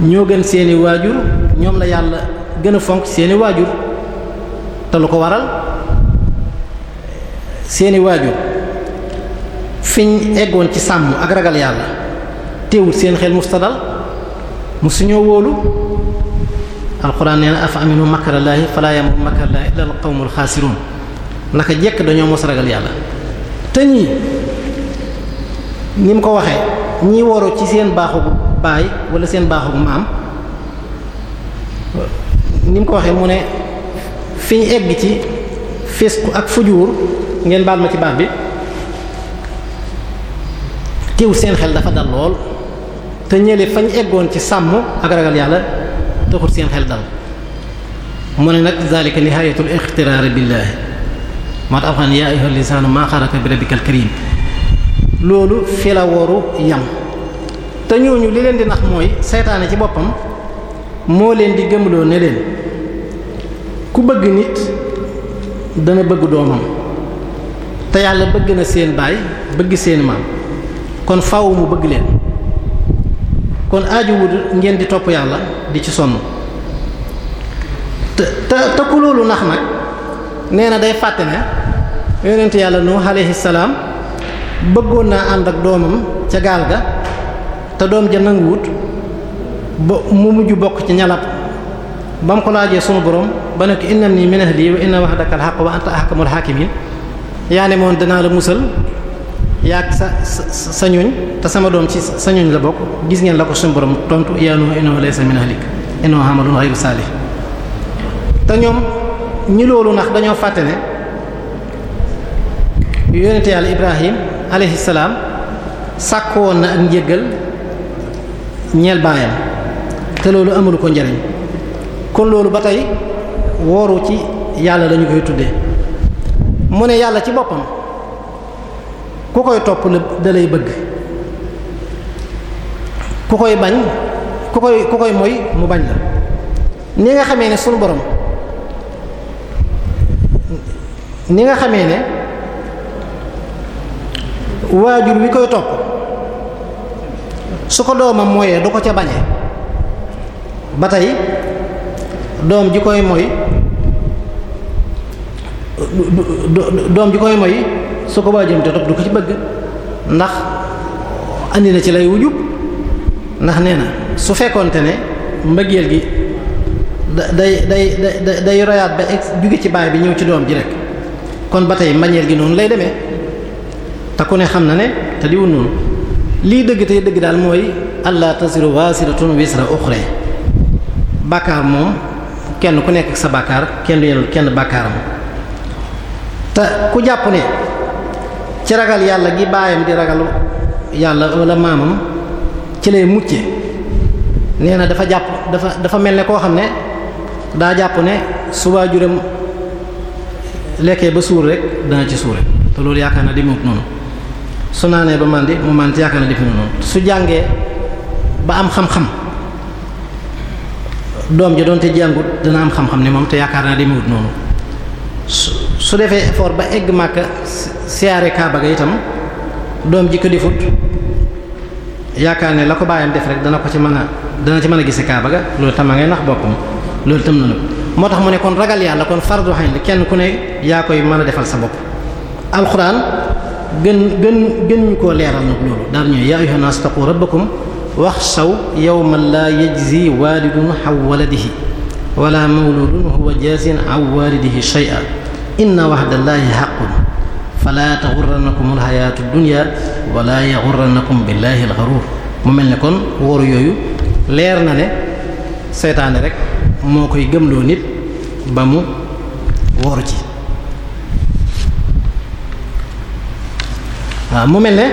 ñoo gën seeni waajur ñoom la yàlla gën a fonk seeni waajur te lu ko waral seeni waajur fiñ eggoon ci sàmm ak ragal yàlla teewul seen xel mustadal mu suñoo wóolu alquran nee na afa aminu makrallaahi falaa yamu makrallaahi illa al qawmul xaasirun naka jekk dañoo mos ragal yàlla te ñii ni mu ko waxee ñii waru ci seen baaxu baay wala seen baaxu maam ni mu ko waxee mu ne fi ñu egg ci fisq ak fujuur ngeen baal ma ci baax bi teewul seen xel dafa dal lool te ñële fañ eggoon ci sàmm ak ragal yàlla taxut seen xel mu ne nag zalika nihayatul ixtiraar billaahi moo tax xam yaa ayyuhal insaanu maa bi rabbikal karim loolu fi la waru yam te ñooñu li leen di nax mooy seytaane ci boppam moo leen di gëmloo ne leen ku bëgg nit dana bëgg doomam te yàlla bëgg na seen baay bëgg seen maam kon faaw mu bëgg leen kon aajowul ngeen di topp yàlla di ci sonn te te te ku loolu nax nag nee na day fàtte ne yonent yàlla nu alayhi salaam bëggoon naa ànd ak doomam ca gaal ga te doom ja nanguwut ba mu mujj bokk ci ñalab ba mu ko laajee sunu borom ba ne ko inna nii min ahli wa inna wahdaka al haqq wa anta ahkamul hakimin yaa ne moom danaa la musal yaag sa sa sa ñuñ te sama doom ci sa ñuñ la bokk gis ngeen la ko suñu borom tontu yaa Nuuh innahu laysa min ahlik innahu amalun ghayru saalih te ñoom ñi loolu ndax dañoo fàtte ne yonente yàlla Ibrahim alayhi salaam sàkk woon na ak njéggal ñeel baayam te loolu amalu ko njariñ kon loolu ba tey wooru ci yàlla dañu koy tuddee mu ne yàlla ci boppam. ku koy topp la da bëgg ku koy bañ ku koy ku koy moy mu bañ la ni nga xame ne sunu borom ni nga xamee ne waajur wi koy topp su ko doomam moyee du ko ca bañe ba tey doom ji koy moy doom ji koy moy su ko waajoon te topp du ko ci bëgg ndax andi na ci lay wujub ndax nee na su fekkoonte ne mbëggeel gi da day day day day royaat ba jóge ci baay bi ñëw ci doom ji rek kon ba tey mbañeel gi noonu lay demee te ku ne xam na ne te diwul noonu lii dëgg tey dëgg daal mooy allah tasiru wasiratun wisra uxra bàkkaar moom kenn ku nekk sa bàkkaar kenn du kenn bàkkaaram te ku jàpp ne ci ragal yàlla gi baayam di ragal yàlla wala maamam ci lay mucce nee na dafa jàpp dafa dafa mel ne koo xam ne daa jàpp ne su juram lekkee ba suur rek dana ci suure te loolu yaakaar na di mu noonu su naanee ba màndi mu màndi yaakaar na di mu noonu su jàngee ba am xam-xam doom ja doonte jàngut dana am xam-xam ne moom te yaakaar naa di mu noonu su defee effort ba egg màkka siyaare kaaba ga itam doom ji ko defut yaakaar ne la ko baayam def rek dana ko ci mën a dana ci mën a gise kaaba ga loolu tam a ngay nax boppam loolu tam na ko moo tax mu ne kon ragal yàlla kon fardu ayn kenn ku ne yaa koy mën a defal sa bopp alxuraan gën gën gën ñu koo leeral nag loolu daal ñëw yaa ayyuhan naas taqu rabbakum waxsaw yawman laa yajzi waalidun xaw waladihi wala mawludun huwa jaazin aw waalidihi shay'an inna waxdallaahi xaqun fala taxurrannakum alxayaatu dunya wala yaxurrannakum billahi alxaruur mu mel ne kon wóoru yooyu leer na ne seytaane rek moo koy gëmloo nit ba mu wóoru ci waaw mu mel ne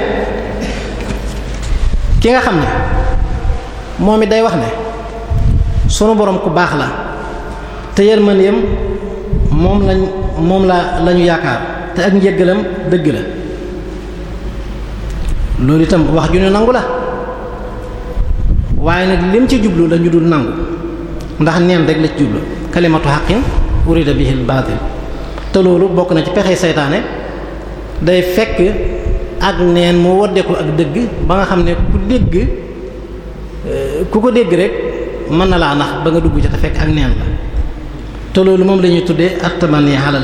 ki nga xam ne moom it day wax ne sunu boroom ku baax la te yërmandeem moom moom la lañu yaakaar te ak njëggalam dëgg la loolu itam wax ju ñu nangu la waaye nag lim ci jublu la ñu dul nangu ndax neen rek la ci jublu kalimatu haqqin urida bihi al-batil te loolu bokk na ci pexe seytaane day fekk ak neen mu woddeeku ak dëgg ba nga xam ne ku dégg euh, ku ko dégg rek mën na laa nax ba nga dugg ci te fekk ak neen la te loolu moom la ñuy tuddee at-tamanni ala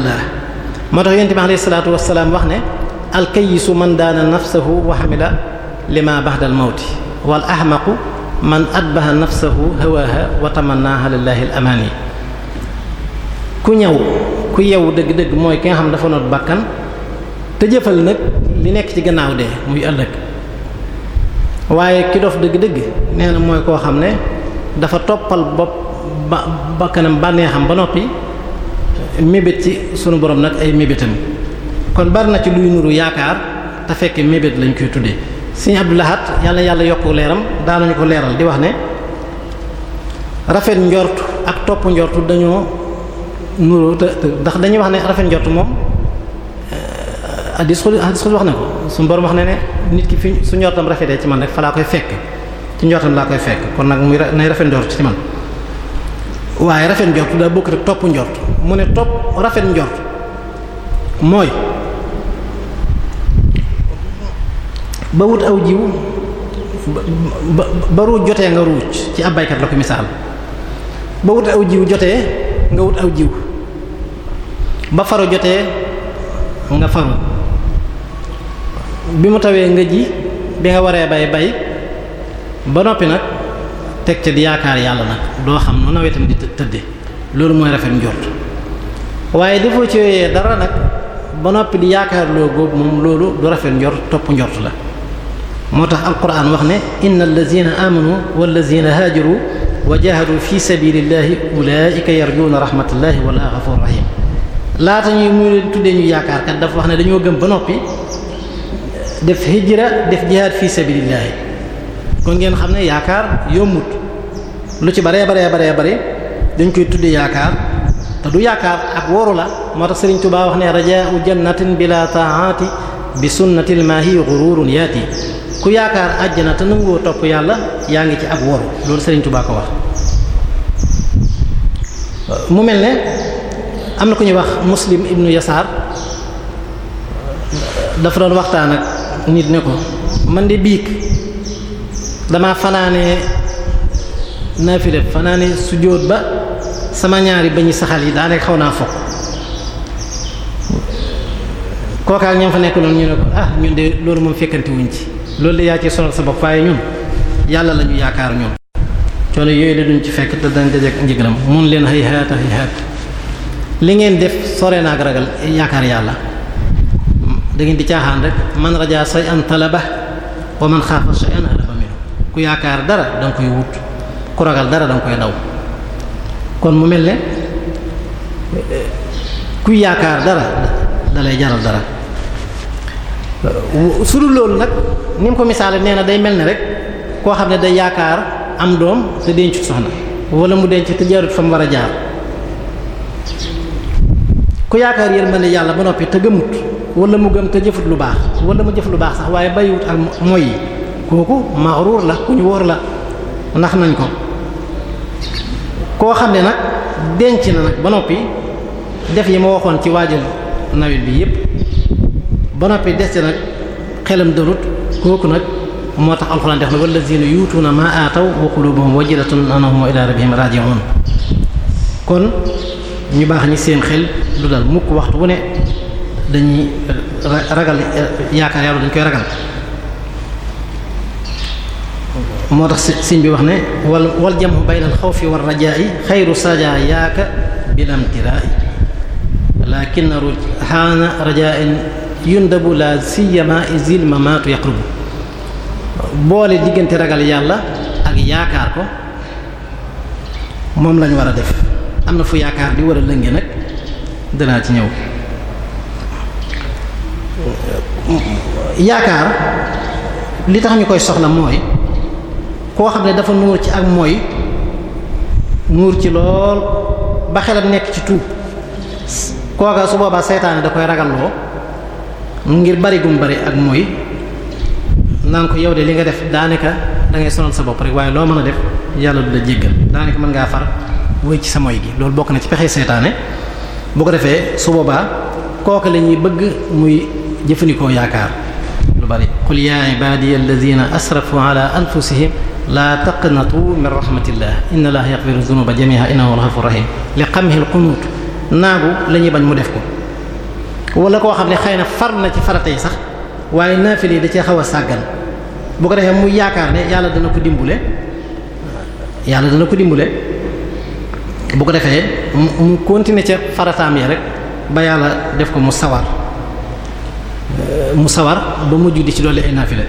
moo tax yonent bi alayhi salaatu wasalaam wax ne alkayisu man daana nafsahu wa xamila lima baxdal mawti wal ahmaqu man adbaha nafsahu hawaha wa tamannaha lillahi al amani ku ñëw ku yew dëgg-dëgg mooy ki nga xam dafa noot bàkkan te jëfal nag li nekk ci gannaaw dee muy ëllëg waaye ki dëgg-dëgg nee na mooy koo xam ne dafa toppal bopp ba bànneexam ba noppi mébét ci sunu boroom nag ay mébétam kon bari na ci luy nuru yaakaar te fekke mébét lañ koy tuddee sëñ Abdou laxaat yàlla yàlla yokk leeram daanañu ko leeral di wax ne rafet njort ak topp njort dañoo nuru te ndax dañuy wax ne rafet njort moom eh, hadis xul hadis xul wax na ko suñu borom wax ne ne nit ki fi su njortam rafetee ci man rek fa laa koy fekk ci njortam laa koy fekk kon nag muy nay rafet njort ci man waaye rafet njort daa bokk rek topp njort mu ne topp rafet njort mooy ba wut aw jiw ba ba ruuj jotee nga ruuj ci ab baykat la ko misaal ba wut aw jiw jotee nga wut aw jiw ba faru jotee nga faru bi mu tawee nga ji bi nga waree bay bay ba noppi nag teg ca di yaakaar yàlla nag doo xam nu nawetam di tëdde loolu mooy rafet njort waaye defoo ci yooyee dara nag ba noppi di yaakaar loo góob moom loolu du rafet njort topp njort la moo tax alquran wax ne inna allazina amanu wallazina haajaru wa jahadu fi sabilillahi ulaika yarjuuna rahmatullahi wala ghafur rahim laata ñuy mu tuddee ñu yaakaar kat dafa wax ne dañoo gëm ba noppi def hijra def jihaad fi sabilillahi kon ngeen xam ne yaakaar yombut lu ci baree baree baree bari dañ koy tudd yaakaar te du yaakaar ak woru la moo tax Sëriñ tubaa wax ne rajaau jannatin bila taati bi sunnatil maahi gururun yaati ku yaakaar àjjana te nanguwoo topp yàlla yaa ngi ci ak woru loolu Sëriñ Tuubaa ko wax mu mel ne am na ku ñuy wax muslim ibnu yasaar dafa doon waxtaan ak nit ne ko man de biig dama fanaane naafila fanaane sujjóot ba sama ñaari bañ ñu saxal yi daa xaw naa fokk kookaak ñoom fa nekk loolu ñu ne ko ah ñun de loolu moom fekkanti ci loolu de yaa ci sonal sa bopp waaye ñun yàlla la ñu yaakaar ñun coono yooyu la duñ ci fekk te dañ dajeek njëgalam mun leen hay haat hay haat li ngeen def sore naak ragal yaakaar yàlla da di caaxaan rek man rajaa say an talaba wa man xaafa say an ku yaakaar dara da nga koy wut ku ragal dara da koy daw kon mu mel ne kuy yaakaar dara dalay jaral dara su dul loolu nag ni mu ko misaale nee na day mel ne rek koo xam ne day yaakaar am doom te dencut soxna wala mu denc te jaarut fa mu war a jaar ku yaakaar yërmande yàlla ba noppi te gëmut wala mu gëm te jëfut lu baax wala mu jëf lu baax sax waaye bàyyiwut ak moy kooku maxruur la ku ñu wóor la ndax nañ ko koo xam ne nag denc na nag ba noppi def yi ma waxoon ci waajal nawet bi yépp ba noppi des ci nag xelam dalut kooku nag moo tax alxuraan def na wallazina yuutuuna ma aataw wa qulubuhum wajilatun annahum ila rabbihim raji'un kon ñu baax ñi seen xel du dal mukk waxtu wu ne dañuy ragal yaakaar yàlla dañ koy ragal moo tax siñ bi wax ne wal wal jamhu bayna al xawfi war rajaa'i xayru sajaa yaaka bilamtiraa'i lakin rujaana rajaa'in yundabu la siyama izil mamaatu yaqrubu boole diggante ragal yàlla ak yaakaar ko moom lañu war a def am na fu yaakaar di war a lënge nag danaa ci ñëw yaakaar li tax ñu koy soxla mooy koo xam ne dafa nuur ci ak mooy nuur ci lool ba xelam nekk ci tuub kooka su boobaa seytaane da koy ragalloo ngir bari gum bari ak mooy naan ko yow de li nga def daanaka da ngay sonal sa bopp rek waaye loo mën a def yàlla du la jéggal daanaka mën ngaa far wéy ci sa mooy gi loolu bokk na ci pexe seytaane bu ko defee su boobaa kooka lañuy bëgg muy jëfandikoo yaakaar lu bari qul yaa ibadiy alladina asrafu ala anfusihim laa taqnatu min rahmatillah inna allaha yaghfiru dhunuba jami'a innahu huwal ghafurur rahim li xamxil xunuut naagu la ñuy bañ mu def ko wala koo xam ne xëy na far na ci farata yi sax waaye naafile yi da cee xaw a sàggan bu ko defee mu yaakaar ne yàlla dana ko dimbule yàlla dana ko dimbule bu ko defee mu continuer ca farataam ya rek ba yàlla def ko mu sawar euh, mu sawar ba mu di ci dolli ay naafile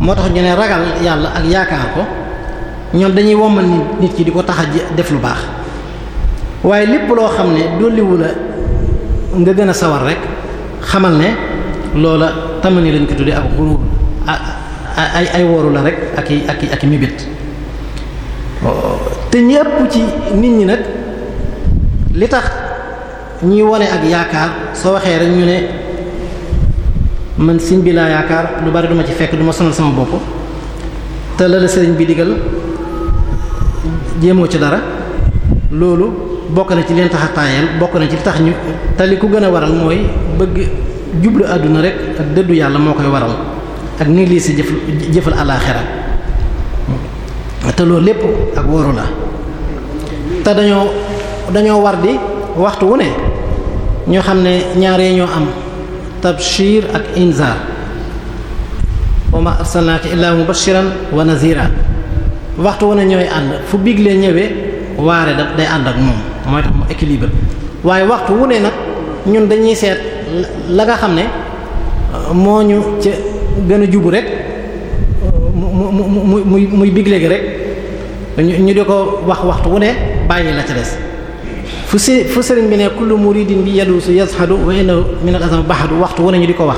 moo tax ñu ne ragal yàlla ak yaakaar ko ñoom dañuy wommal nit ki di ko tax a def lu baax waaye lépp loo xam ne dolliwu la nga gën a sawar rek xamal ne loola tamani lañ ko tuddee ak xuruur ay ay wooru la rek ak i ak i mibit te ñëpp ci nit ñi nag li tax ñuy wone ak yaakaar soo waxee rek ñu ne. man sëriñ bi laa yaakaar lu bari duma ci fekk duma sonal sama bopp te la la sëriñ bi digal jéemoo ci dara loolu bokk na ci leen tax bokk na ci tax ñu te li ku gën a waral mooy bëgg jublu àdduna rek ak dëddu yàlla moo koy waral ak ni lii si jëfal alaaxira te loolu lépp ak woru la te dañoo dañoo war di waxtu wu ne ñoo xam ne ñaaree ñoo am tabshir ak inzar wa ma arsalnaaka illaa mubashiran wa nazira waxtu wu ne ñooy ànd fu bigle ñëwee waare da day ànd ak moom mooy tax mu équilibre waaye waxtu wu ne nag ñun dañuy seet la nga xam ne moo ñu ca gën jubu rek mu mu mu muy muy bigle gi rek ñu di ko wax waxtu wu ne bàyyi la ca des fu si fu sëriñ bi ne kullu muridin bi yaduusu yazhadu wa inna min al-azam baxadu waxtu wu nañu di ko wax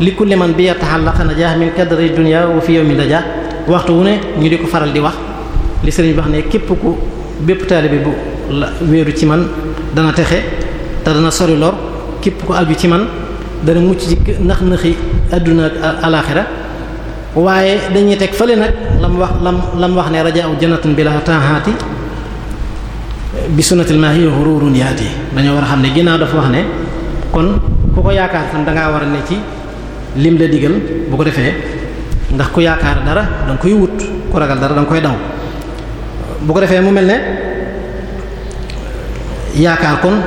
li kulli man bi yataxallaqa najah min kadri dunya wa fi yawmi najah waxtu wu ne ñu di faral di wax li sëriñ bi wax ne képp ku bépp taalibe bu la wéeru ci man dana texe te dana sori lor képp ku aju ci man dana mucc ci nax naxi àdduna ak alaaxira waaye dañuy teg fële nag lam wax lam lam wax ne rajaa jannatun bila tahaati bi sunnatil maahi ghururun yaati dañoo war a xam ne ginnaaw dafa wax ne kon ku ko yaakaar tam da war a ne ci lim la digal bu ko defee ndax ku yaakaar dara da nga koy wut ku ragal dara da koy daw bu ko defee mu mel ne yaakaar kon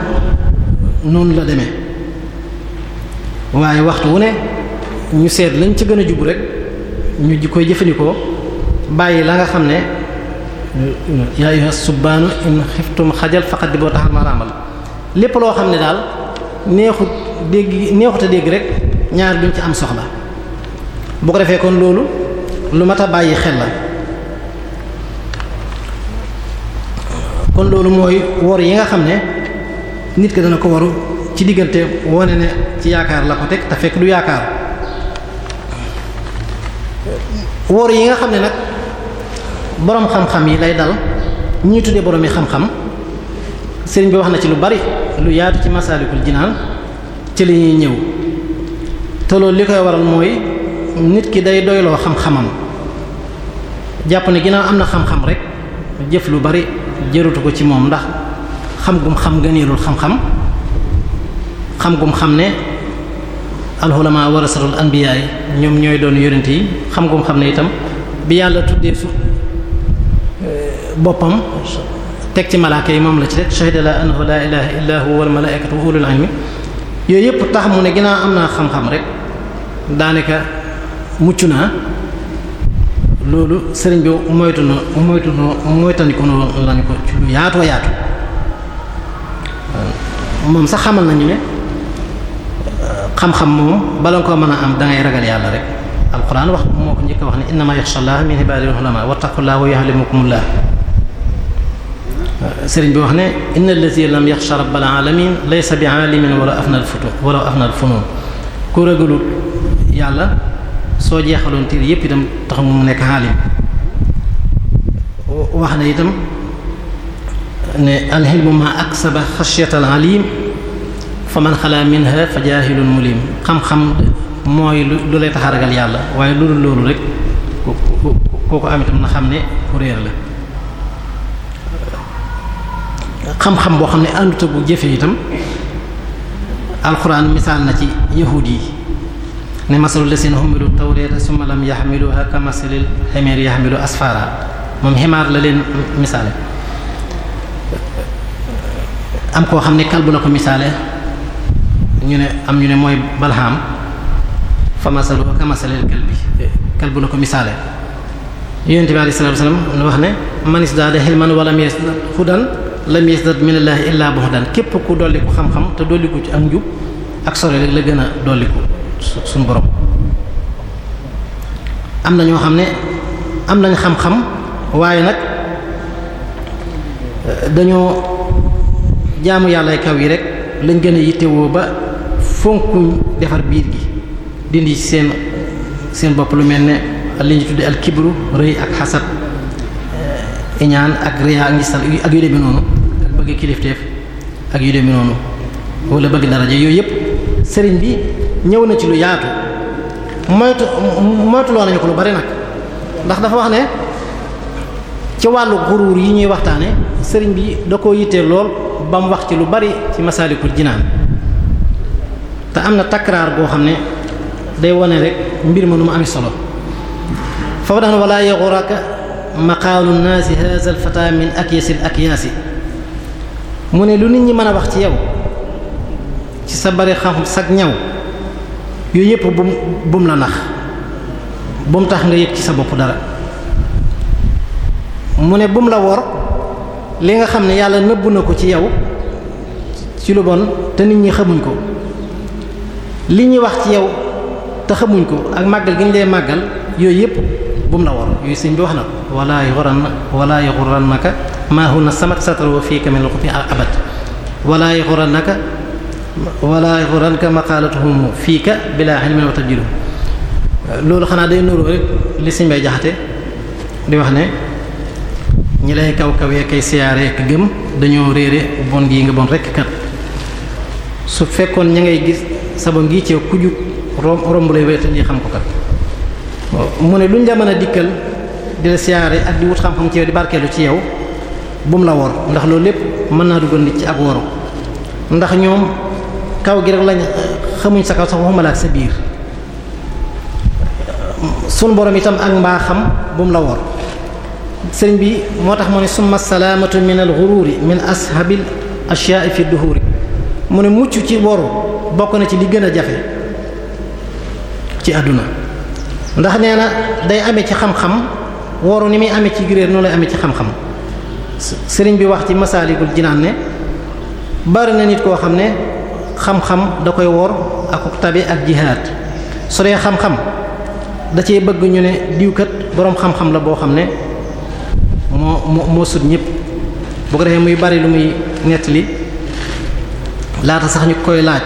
noonu la deme waaye waxtu wu ne ñu seet lañ ci gën a jub rek ñu koy jëfandikoo bàyyi la nga xam ne. yaa ayyuha subbaanu in xiftum xajal faqat di boo taxal maaraamal lépp loo xam ne daal neexut dégg neexut dégg rek ñaar duñ ci am soxla boo ko defee kon loolu lu mat a bàyyi xel la kon loolu mooy wor yi nga xam ne nit ki dana ko waru ci diggante wone ne ci yaakaar la ko teg te fekk du yaakaar wor yi nga xam ne nag boroom xam-xam yi lay dal ñii tuddee boroom yi xam-xam sëriñ bi wax na ci lu bari lu yaatu ci masaalikul jinaan ci li ñuy ñëw te li koy waral mooy nit ki day doyloo xam-xamam jàpp ne ginnaaw am na xam-xam rek jëf lu bari jërutu ko ci moom ndax xam gum xam gëneelul xam-xam xam gum xam ne alxulamaa warasatul anbiyaay ñoom ñooy doon yonent yi xam gum xam ne itam bi yàlla tuddee su boppam teg ci malaaka yi moom la ci teg shahida la anhu la ilaha illa huwa wal malaikatu wa ulul ilmi yooyu yëpp tax mu ne ginnaaw am naa xam-xam rek daanaka mucc naa loolu sëriñ bi moytu na moytu na moytandiku lañu ko ci lu yaatu moom sax xamal nañu ne xam-xam moom bala nga koo mën a am da ragal yàlla rek alquran wax moo ko njëkk a wax ne innama yaxsha allaha min ibadihi ulama wattaqullaha wa yuallimukumullah sëriñ bi wax ne inna allazi lam yaxsha rabbal alamin laysa bi aalimin wala afna al futuq wala afna al ku ragalut yàlla soo jeexaloon tiir yépp itam tax mu nekk aalim wax na itam ne al hilmu ma aksaba xashyata al alim fa man xalaa minha fa jaahilun mulim xam-xam mooy lu lay tax ragal yàlla waaye lu dul loolu rek kooku am itam na xam ne ku réer la xam-xam boo xam ne àndut bu jëfee itam alxuraan misaal na ci yahuud yi ne masalul lasina humilu tawreeta summa lam yaxmiluha kamasalil ximeer yaxmilu asfara moom ximaar la leen misaale am koo xam ne kalbu la ko misaale ñu ne am ñu ne mooy balxaam fa masalu kamasalil kalbi kalbu la ko misaale yonent bi alayhi salaatu wasalaam wax ne manis daada xilman wala miis xudan lam yasdad minallaahi illaa buxdan képp ku dolliku xam-xam te dolliku ci am njub ak sore rek la gën a dolliku suñ borom am na ñoo xam ne am nañu xam-xam waaye nag eh, dañoo jaamu yàlla kaw yi rek lañ gën a yittewoo ba fonkuñ defar biir gi dindi seen seen bopp lu mel ne li ñu tudde alkibru rëy ak xasad iñaan ak riyaa ak ngistal ak yu demee noonu ak bëgg kilifteef ak yu mi noonu wala bëgg daraja yooyu yëpp sëriñ bi ñëw na ci lu yaatu moytu moytuloo nañu ko lu bari nag ndax dafa wax ne ci wàllu guruur yi ñuy waxtaane sëriñ bi da ko yittee lool ba wax ci lu bari ci masaalikul jinaan te am na takraar goo xam ne day wone rek mbir ma nu mu amee solo foofu dax na walaa yexuraka maqaalu naasi haza alfata min akyasil akyaasi mu ne lu nit ñi mën a wax ci yow ci sa bari xam sag ñaw yooyu yëpp bum bum la nax bum tax nga yëg ci sa bopp dara mu ne bum la wor li nga xam ne yàlla nëbb na ko ci yow ci lu bon te nit ñi xamuñ ko li ñuy wax ci yow te xamuñ ko ak màggal gi ñu lay màggal yooyu yëpp bu mu la wor yooyu sëñ bi wax na ko wala yughranna wala yughrannaka ma hunna fii satru fiika min al-kufri abad wala yughrannaka wala yughranka maqalatuhum fiika bila ilmin wa tabjilhum loolu xanaa day nuru rek li sëñ bay jaxate di wax ne ñi lay kaw kawee kay siyaaree ak gëm dañoo réere bon gii nga bon rekk kat su fekkoon ña ngay gis sabon gi ci ku jug romb romb lay wéetal ñi xam ko kat mu ne luñ la mën a dikkal di la siyaare ak di wut xam-xam ci yow di barkeelu ci yow bum la wor ndax loolu lépp mën naa duggal nit ci ak woru ndax ñoom kaw gi rek lañ xamuñ sa kaw sax waxuma la sa biir sun borom itam ak mbaaxam bum la wor sëriñ bi moo tax mu ne summa salaamatu min al ghururi min ashabil ashya'i fi duhuri mu ne mucc ci woru bokk na ci li gën a jafe ci àdduna ndax nee na day ame ci xam-xam wooru ni muy amee ci réer noonu lay amee ci xam-xam sëriñ bi wax ci masaalikul jinaan ne bari na nit koo xam ne xam-xam da koy wor ak tabe ak jihaad su dee xam-xam da cee bëgg ñu ne diwkat boroom xam-xam la boo xam ne moo moo sut ñëpp bu ko muy bari lu muy nettali laata sax ñu koy laaj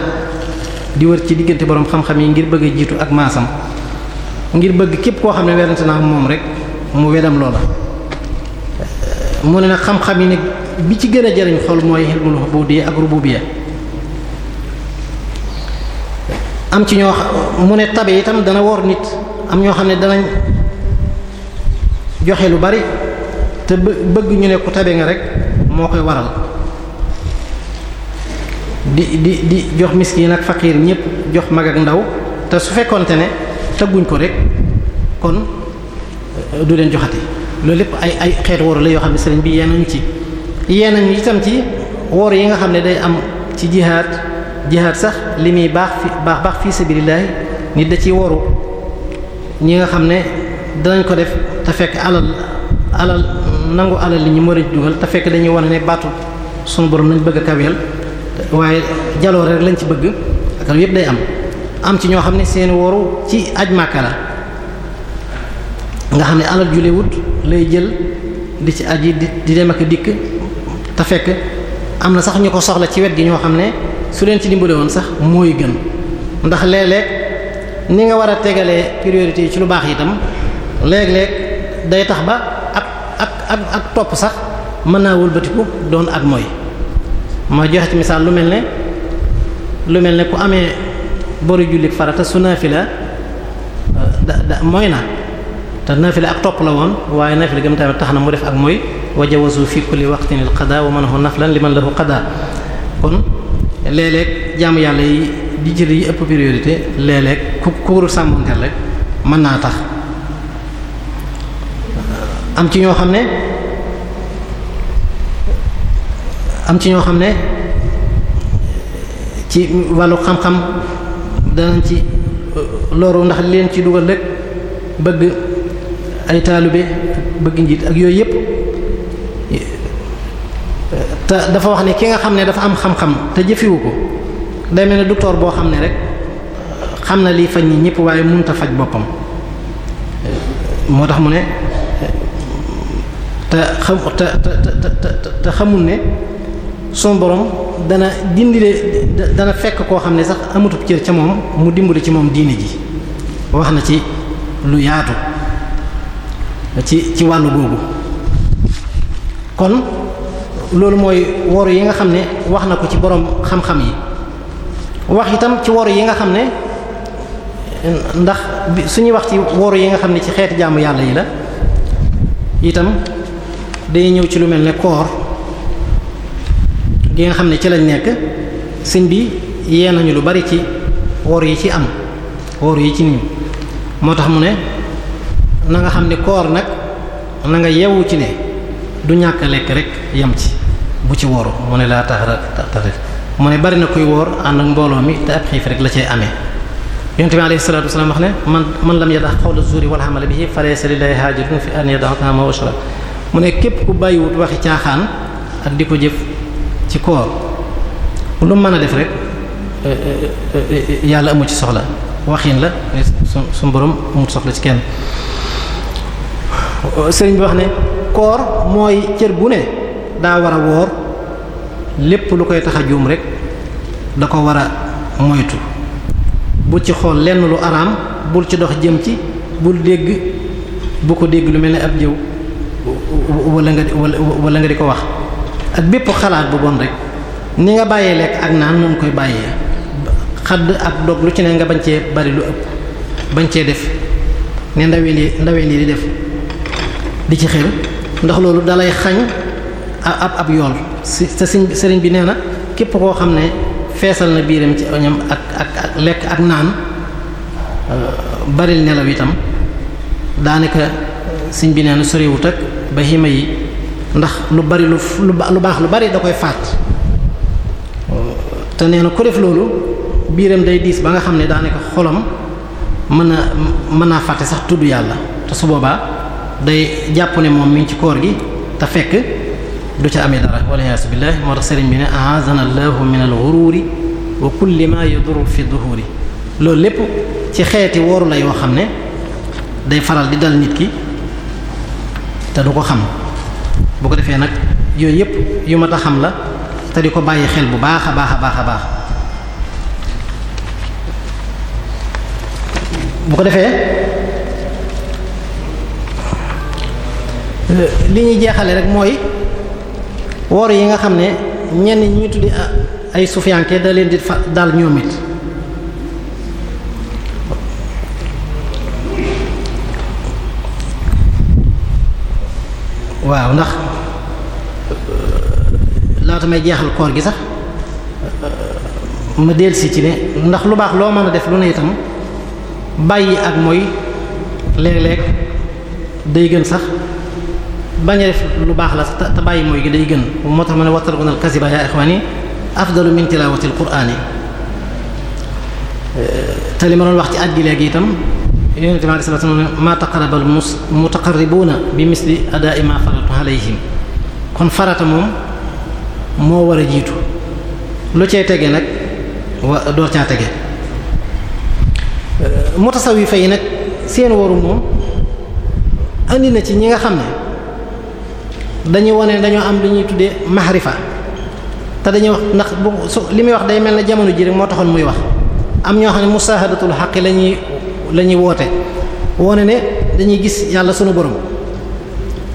di wër ci diggante boroom xam-xam yi ngir bëgg a jiitu ak maasam ngir bëgg képp koo xam ne werante naa moom rek mu wedam loola mu ne nag xam-xam yi ne bi ci gën a jariñ xol mooy ilmul ubudiyya ak rububiyya am ci ñoo mu ne tabe itam dana wor nit am ñoo xam ne danañ joxe lu bari te bëgg ñu ne ku tabe nga rek moo koy waral di di di jox miskin ak faqiir ñépp jox mag ak ndaw te su fekkonte ne tagguñ ko rek kon euh, du leen joxati loolu lépp ay ay xeetu woor la yoo xam ne sëriñ bi yéen ci yéen ñu itam ci woor yi nga xam ne day am ci jihaad jihaad sax li muy baax fi baax baax da ciy woru ñi nga xam ne danañ ko def te fekk alal alal nangu alal li ñu mën a dugal te fekk dañuy war ne baatu sunu borom lañ bëgg a kaweel waaye jaloore rek lañ ci bëgg ak yépp day am. am ci ñoo xam ne seen waru ci aj màkka la nga xam ne alal jule wut lay jël di ci aji di dem ak dikk te fekk am na sax ñu ko soxla ci wet gi ñoo xam ne su leen ci dimbale woon sax mooy gën ndax léeg-léeg ni nga war a tegalee priorité yi ci lu baax itam léeg-léeg day tax ba ak ak ak topp sax mën naa wëlbatiku doon ak mooy joxe ci misaal lu mel ne lu mel ne ku amee boori jullik farata su naafila la da mooy na te naafila ak topp la woon waaye naafila gëm tamit tax na mu def ak mooy wajawasu fi kulli waqtin al qada wa man hu naflan liman lahu qada kon léeg-léeg jaamu yàlla yi di jël yi ëpp priorité léeg ku kuuru sàmmonteel rek mën naa tax am ci ñoo xam ne am ci ñoo xam ne ci wàllu xam-xam danañ ci euh, looru ndax leen ci dugal rek bëgg ay taalibe bëgg njiit ak yooyu yépp te dafa wax ne ki nga xam ne dafa am xam-xam te jëfiwu ko day mel ne docteur boo xam ne rek xam na lii faj ni ñépp waaye mënut a faj boppam moo tax mu ne te xam xamul ne suñu borom dana dindile dana fekk koo xam ne sax amatub cër ca moom mu dimbali ci moom diine ji wax na ci lu yaatu ci ci wàllu googu kon loolu mooy woru yi nga xam ne wax na ko ci boroom xam-xam yi wax itam ci woru yi nga xam ne ndax bi suñuy wax ci woru yi nga xam ne ci xeeti jàmm yàlla yi la itam day ñëw ci lu mel ne koor gi nga xam ne ci lañ nekk sëñ bi yee nañu lu bari ci woor yi ci am woor yi ci niñ moo tax mu ne na nga xam ne koor nag na nga yewu ci ne du ñàkk lekk rek yem ci bu ci wooru mu ne laa taxara taxari mu ne bari na kuy woor ànd ak mbooloo mi te ab xiif rek la cay amee yonent bi alayhi salaatu wasalaam wax ne man man lam yadax xawla zuuri wal amala bihi falaysa lillahi haajatun fi an yadaxa ta'amahu wa sharabahu mu ne képp ku bàyyiwut waxi caaxaan ak di ko ci koor lu mën a def rek eh, eh, eh, yàlla amu ci soxla waxin la su su borom amul soxla ci kenn sëriñ bi wax ne koor mooy cër bu ne daa war a woor lépp lu koy tax a juum rek da ko war a moytu bu ci xool lenn lu araam bul ci dox jëm ci bul dégg bu ko dégg lu mel ni ab jëw wala nga wala nga di ko wax ak bépp xalaat bu bon rek ni nga bàyyee lekk ak naan noonu koy bàyyee xadd ak dog lu ci ne nga bañ cee bari lu ëpp bañ cee def ne ndawee lii ndawee lii di def di ci xel ndax loolu dalay xañ ab ab yool si sa sëriñ bi nee na képp koo xam ne feesal na biiram ci oñam ak ak ak lekk ak naan euh, baril nelaw itam daanaka sëriñ bi nee na soriwut ak ba xima yi ndax lu bari lu lu baax lu bari da koy faat te nee na ku def loolu biiram day diis ba nga xam ne daanaka xolom mën a mën naa fàtte sax tudd yàlla te su boobaa day jàpp ne moom mi ci koor gi te fekk du ca amee dara wala yaasu billaah moo tax sëriñ bi ne ahazana allahu min al ghururi wa kulli ma yadurru fi duhuri loolu lépp ci xeeti wooru la yoo xam ne day faral di dal nit ki te du ko xam bu ko defee nag yooyu yëpp yu mat a xam la te di ko bàyyi xel bu baax a baax a baax a baax bu ko defee euh, li ñuy jeexale rek mooy woor yi nga xam ne ñenn ñi ñu tuddi ay sufiyanke da di fa dal ñoom waaw ndax laata may jeexal koor gi sax euh, ma delsi ci ne ndax lu baax loo mën a def lu ne itam bàyyi ak mooy léeg-léeg day gën sax bañ a def lu baax la sax te bàyyi mooy gi day gën moo tax ma ne watarkuna al kasiba ya ikhwani afdalu min tilawati al qur'ani euh, te li ma wax ci àddi léegi itam yonent bi sallallahu alayhi wasallam ma taqarrabal mutaqarribuna bi misli ada'i ma faratu alayhim kon farata moom moo war a jiitu lu cee tege nag wa door caa tege yu euh, yi nag seen waru moom andi na ci ñi nga xam ne dañuy wone dañoo am lu ñuy tuddee mahrifa te dañuy wax ndax bu su li muy wax day mel na jamono ji rek moo taxoon muy wax am ñoo xam ne musaahadatul xaqi la ñuy la woote wone ne dañuy gis yàlla sunu borom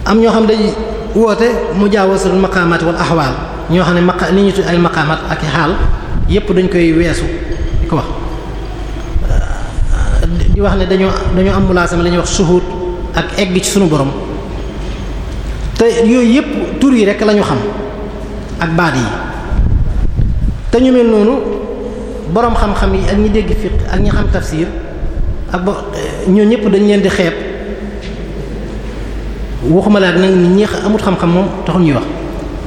am ñoo xam dañuy woote mu jaawasul maqaamaat wal axwaal ñoo xam ne maqa li ñu tudd ay maqaamat ak i xaal yépp dañ koy weesu di ko wax di wax ne dañoo dañoo am mulaasama li wax suhuut ak egg ci sunu borom te yooyu yépp tur yi rek la xam ak baat yi te ñu mel noonu boroom xam-xam yi ak ñi dégg fiq ak ñi xam tafsir ak bo ñoo ñëpp dañ leen di xeeb waxuma la ak nag nit ñi amut xam-xam moom taxul ñuy wax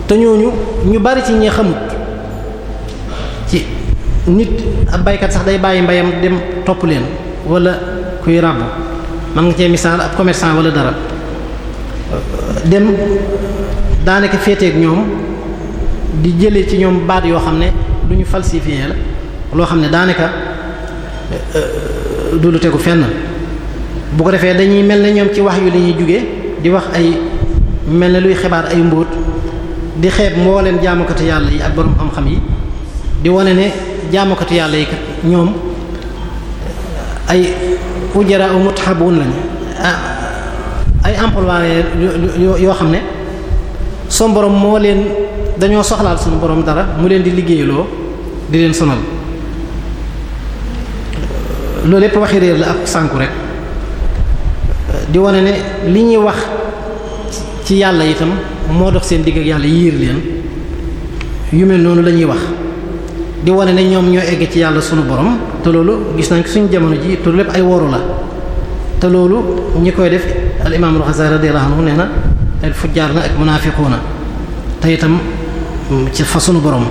te ñooñu ñu bari ci ñi xamut ci nit ab baykat sax day bàyyi mbayam dem topp leen walla kuy ràbbu man nga cee misaal ab commerçant wala dara dem daanaka féeteeg ñoom di jële ci ñoom baat yoo xam ne lu ñu falsifié la loo xam ne daanaka euh, du lu tegu fenn bu ko defee dañuy mel ne ñoom ci wax yu lañuy ñuy di wax ay mel ne luy xibaar ay mbóot di xeeb mbooleen jaamukatu yàlla yi ak borom xam-xam yi di wane ne jaamukatu yàlla yi kat ñoom ay ujara u mutahabun lañ ah, ay employé yoo xam ne son borom moo leen dañoo soxlaal suñu borom dara mu leen di liggéeyaloo di leen sonal loolu yépp waxi réer la ak sànku rek di wane ne li ñuy wax ci yàlla itam moo dox seen digg ak yàlla yiir leen yu mel noonu la ñuy wax di wone ne ñoom ñoo egg ci yàlla sunu borom te loolu gis nañ ko suñu jamono ji te lépp ay woru la te loolu ñi koy def al imaamul Xasaali radiyallahu anhu nee na ay fujjaar na ak na te itam ci fa sunu borom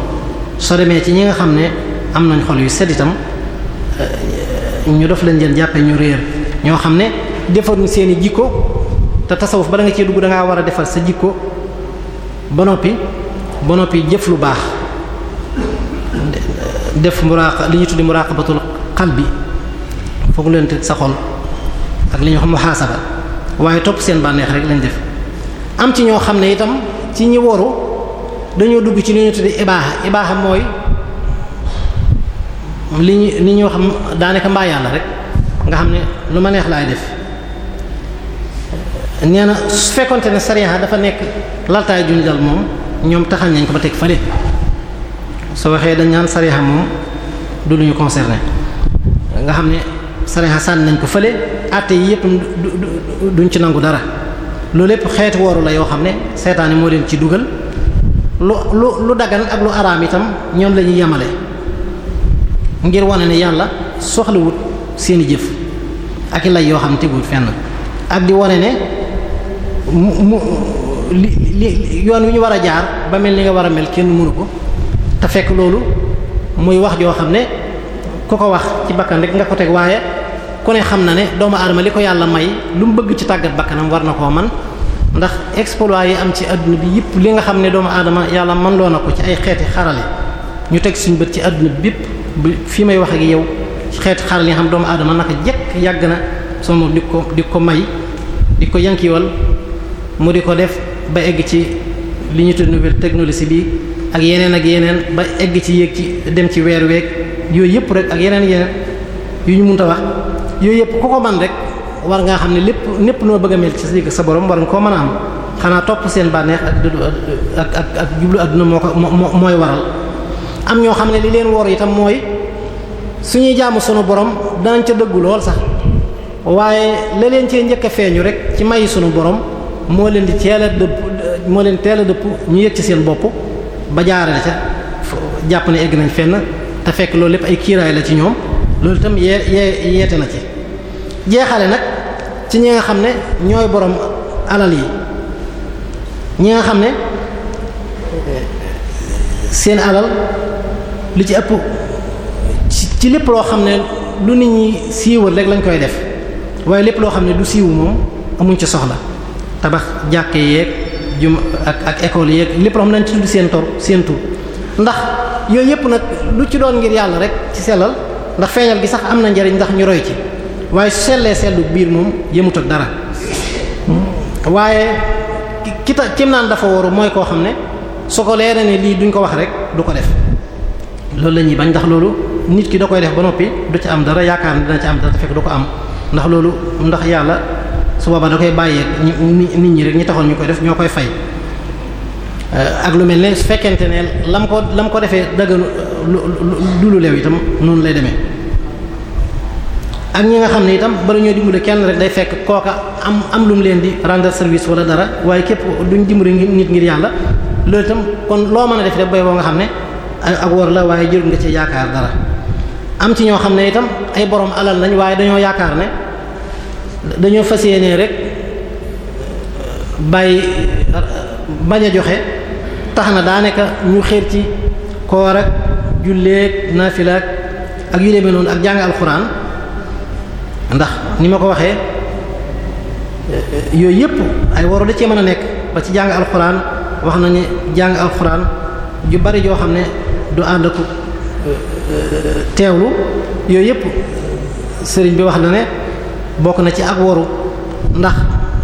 soo demee ci ñi nga xam ne am nañ xol yu sedd itam ñu def leen leen jàppee ñu réer ñoo xam ne defaruñ seeni jikko te tasawuf bala nga cee dugg da war a defar sa jikko ba noppi ba noppi jëf lu baax def muraaqa li ñu tuddi muraqabatul bi foog leen te sa xol ak li ñuy wax muhaasaba waaye topp seen bànneex rek lañ def am ci ñoo xam ne itam ci ñi woru dañoo dugg ci li ñu tuddi ibaaxa ibaaxa mooy li ñu ni ñoo xam daanaka mbaa yàlla rek nga xam ne lu ma neex laay def nee na su fekkonte ne sariya dafa nekk laltaay duñu dal moom ñoom taxal nañ ko ba teg fële soo waxee dañ naan sariya moom du lu ñu concerné nga xam ne sariya sànni nañ ko fële àtte yi yépp duñ ci nangu dara loolu lépp xeetu wooru la yoo xam ne seetaani moo leen ci dugal lu lu lu ak lu araam itam ñoom lañuy ñuy yemale ngir wane ne yàlla soxlawut seeni jëf ak i lay yoo xam ne fenn ak di wane ne. mu mu li li yoon wi ñu war a jaar ba mel ni nga war a mel kenn mënu ko te fekk loolu muy wax joo xam ne ku ko wax ci bakkan rek nga ko teg waaye ku ne xam na ne doomu aadama li ko yàlla may lu mu bëgg ci tàggat bakkanam war na koo man ndax exploit yi am ci adduna bi yëpp li nga xam ne doomu aadama yàlla mën na ko ci ay xeeti xarale ñu teg suñu bët ci adduna bi yëpp bi may wax ak yow xeeti xarale yi xam doomu aadama naka jekk yàgg na sama ko di ko may di ko yankiwal mu di ko def ba egg ci li ñu tudd nouvelle technologie bi ak yeneen ak yeneen ba egg ci yéeg ci dem ci weer weeg yooyu yëpp rek ak yeneen yeneen yu ñu a wax yooyu yëpp ku ko man rek war ngaa xam ne lépp népp noo bëgg a mel ci sa digg sa borom war nga koo mën a am xanaa topp seen bànneex ak ak ak jublu àdduna moo ko moo mooy waral am ñoo xam ne li leen wor itam mooy suñuy jàmm sunu borom danañ ca dëggu lool sax waaye la leen cee njëkk a feeñu rek ci may sunu borom moo leen di teel a dëpp moo leen teel a dëpp ñu yëg ci seen bopp ba jaarale ca jàpp ne egg nañ fenn te fekk loolu lépp ay kiiraay la ci ñoom loolu itam yee yee yeete na ci jeexale nag ci ñi nga xam ne ñooy borom alal yi ñi nga xam ne seen alal lu ci ëpp ci lépp loo xam ne lu nit ñi siiwal rek lañ koy def waaye lépp loo xam ne du siiw moom amuñ ca soxla tabax jàkke yeeg jum ak ak école yeeg lépp xam nañ ci tudd seen tor seen tur ndax yooyu yëpp nag lu ci doon ngir yàlla rek ci sellal ndax feeñal gi sax am na njariñ ndax ñu roy ci waaye su sellee sellu biir moom yëmut ak dara waaye ki ta kim naan dafa waru mooy koo xam ne su ko leeree ne lii duñ ko wax rek du ko def loolu la ñuy bañ ndax loolu nit ki da koy def ba noppi du ci am dara yaakaar ne dina ci am dara fekk du ko am ndax loolu ndax yàlla su booba da koy bàyyee nit ñi rek ñi taxoon ñu koy def ñoo koy fay euh, ak lu mel ne su fekkente ne lam ko lam ko defee daggalu lu lu leew itam noonu lay demee ak ñi nga xam ne itam bala ñoo dimbale kenn rek day fekk kooka am am lu mu leen di rendre service dara waaye képp duñ dimbale nit ngir yàlla loolu itam kon loo mën a def rek bay boo nga xam ne ak wor la waaye jël nga ci yaakaar dara am ci ñoo xam ne itam ay borom alal lañ waaye dañoo yaakaar ne dañoo fas yéene rek bàyyi bañ a joxe tax na daanaka ñu xër ci koor ak julleeg naafilaak ak yu demee noonu ak jàng alxuraan ndax ni ma ko waxee yooyu yépp ay waru da cee mën a nekk ba ci jàng alxuraan wax na ni jàng alxuraan ju bari joo xam ne du ànd ak teewlu yooyu yépp sëriñ bi wax na ne bokk na ci ak waru ndax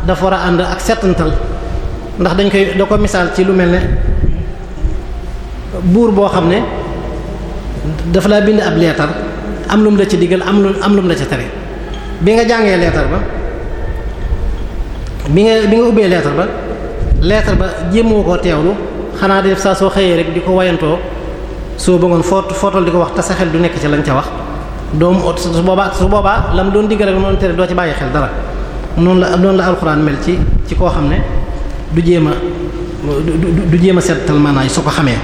dafa war a ànd ak setantal ndax dañ koy da ko misaal ci lu mel ne buur boo xam ne dafa laa bind ab leetar am lum la ci digal am lu am lum la ca tere bi nga jàngee leetar ba bi nga bi nga ubbee leetar ba leetar ba jéemoo koo teewlu xanaa di def saa soo xëyee rek di ko wayantoo soo bëggoon foo footal di ko wax te sa xel du nekk ci lañ ca wax doomu ot su boobaa su boobaa lam doon diggal ak lu doon tere doo ci bàyyi xel dara noonu la noonu la alxuraan mel ci ci koo xam ne du jéem a jéem a seetal maanaam su ko xamee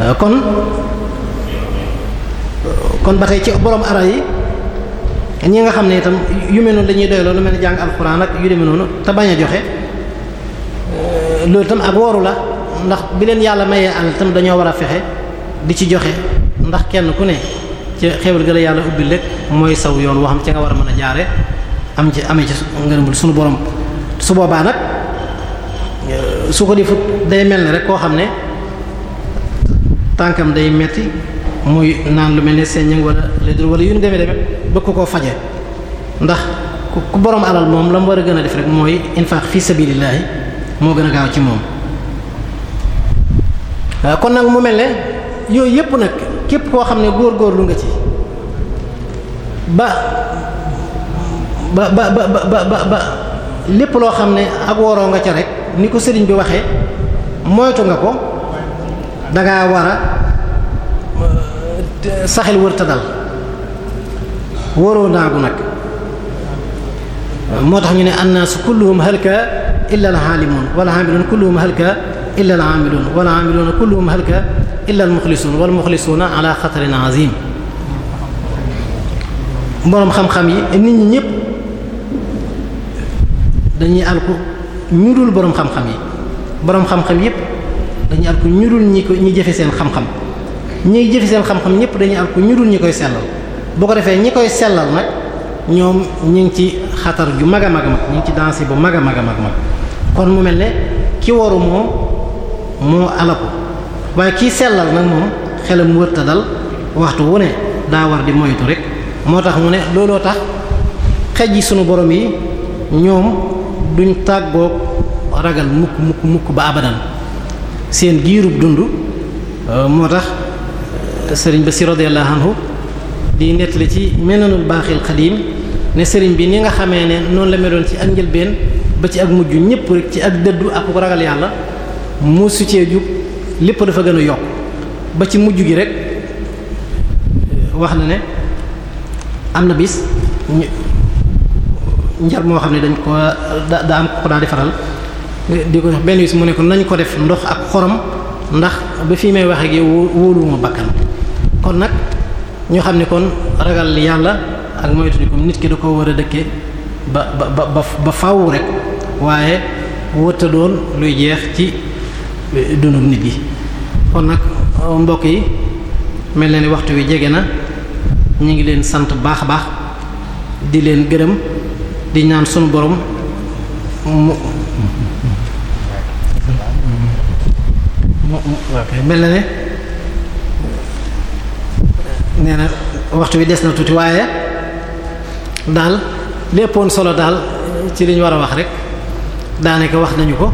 euh, kon kon ba ci borom ara yi ñi nga xam ne itam yu mel noonu dañuy doyloo lu mel ne jàng alxuraan ak yu demee noonu te bañ a joxe euh, loolu itam ak wooru la ndax bi yàlla mayee àll itam dañoo war a fexe di ci joxe ndax kenn ku ne. ca xéwal ga yàlla ubbi rek mooy saw yoon woo xam ca nga war a mën a jaare am ci amee ci ngërëmul sunu borom su boobaa nag euh, su ko defut day mel ni rek koo xam ne tànkam day metti muy naan lu mel ne seññ wala lédur wala yu ñu demee deme bëgg ko koo faje ndax ku ku boroom alal moom la mu war a gën a def rek mooy infaq fi sabilillahi moo gën a gaaw ci moom euh, kon nag mu mel ne yooyu yépp nag képp koo xam ne góor-góorlu nga ci ba ba ba ba ba ba lépp loo xam ne ak woroo nga ca rek ni ko sëriñ bi waxee moytu nga ko dangaa war a euh, saxel wërta dal wóoroo naagu nag moo tax ñu ne annaasu kulluhum halka illa al aalimun wala aamiluun kulluhum halka illa al aamiluun wala aamiluun halka illa al muxlisuun wal muxlisuuna ala xatarin azim boroom xam-xam yi nit ñi ñëpp dañuy alku ñu dul boroom xam-xam yi boroom xam-xam yëpp dañuy alku ñu dul ñi ko ñi jëfe seen xam-xam ñi jëfe seen xam-xam ñëpp dañuy alku ñu dul ñi koy sellal boo ko defee ñi koy sellal nag ñoom ñu ngi ci xatar ju mag a mag a mag ñu ci dansé bu mag a mag a mag kon mu mel ne ki waru moom moo alaku waaye kii sellal nag moom xelam wërta dal waxtu wu ne daa di moytu rek moo tax mu ne looloo tax xej yi sunu borom yi ñoom duñ tàggoog ragal mukk mukk mukk ba abadan seen giirub dund euh, moo tax sëriñ ba si radiyallahu anhu di nettali ci menanul baaxil xadiim ne sëriñ bi ni nga xamee ne noonu la meloon ci ak njëlbeen ba ci ak mujj ñëpp rek ci ak dëddu ak ragal yàlla mu succee jug lépp dafa gën a yokk ba ci mujj gi rek wax na ne am na bis njar moo xam ne dañ ko da am ko daa defaral di ko benn bis mu ne ko nañ ko def ndox ak xorom ndax ba fii may wax ak yow wóoluwuma bakkan kon nag ñoo xam ne kon ragal yàlla ak moytu comme nit ki da ko war a dëkkee ba ba ba ba faaw rek waaye wëtta doon luy jeex ci eh, dundu nit gi kon nag euh, mbokk yi mel na ne waxtu wi jege na ñu ngi leen sant baax a baax di leen gërëm di naan sunu borom mu mel na ne nee na waxtu wi des na tuuti waaye daal léppoon solo daal ci li ñu war a wax rek daanaka wax nañu ko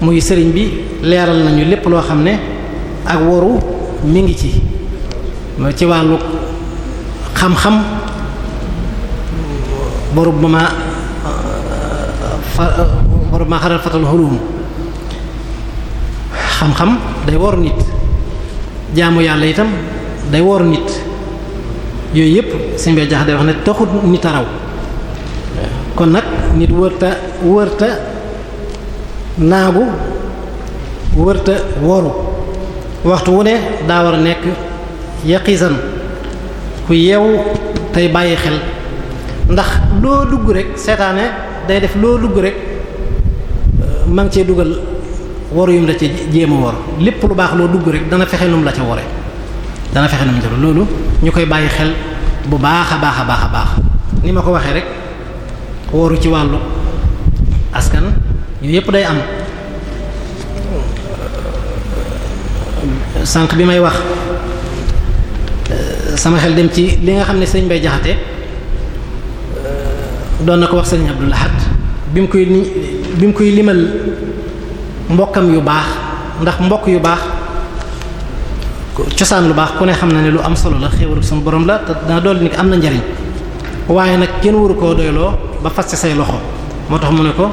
muy sëriñ bi leeral nañu lépp loo xam ne ak woru mi ngi ci ci wàllu xam-xam borub ba ma xaral fatal xulum xam-xam day wor nit jaamu yàlla itam day wor nit yooyu yëpp sëñ bi jax wax ne taxut nit a raw kon nag nit wërta wërta naagu wërta woru waxtu wu ne daa war a nekk yaqiisan ku yeewu tey bàyyi xel ndax loo dugg rek seetaane day def loo dugg rek ma cee dugal waru yum la ci jéem a war lépp lu baax loo dugg rek dana fexe num la ca ware dana fexe num la loolu ñu koy bàyyi xel bu baax a baax a baax a baax ni ma ko waxee rek waru ci wàllu askan ñu yépp day am sànq bi may wax euh, sama xel dem ci li nga xam ne sëñ Mbay Jaxate doon na ko wax sëñ Abdul Ahad bi mu koy bi mu koy limal mbokkam yu baax ndax mbokk yu baax cosaan lu baax ku ne xam na ne lu am solo la xéwalu suñu borom la te dana dool ni am na njariñ waaye nag kenn waru koo doyloo ba fas ci say loxo moo tax mu ne ko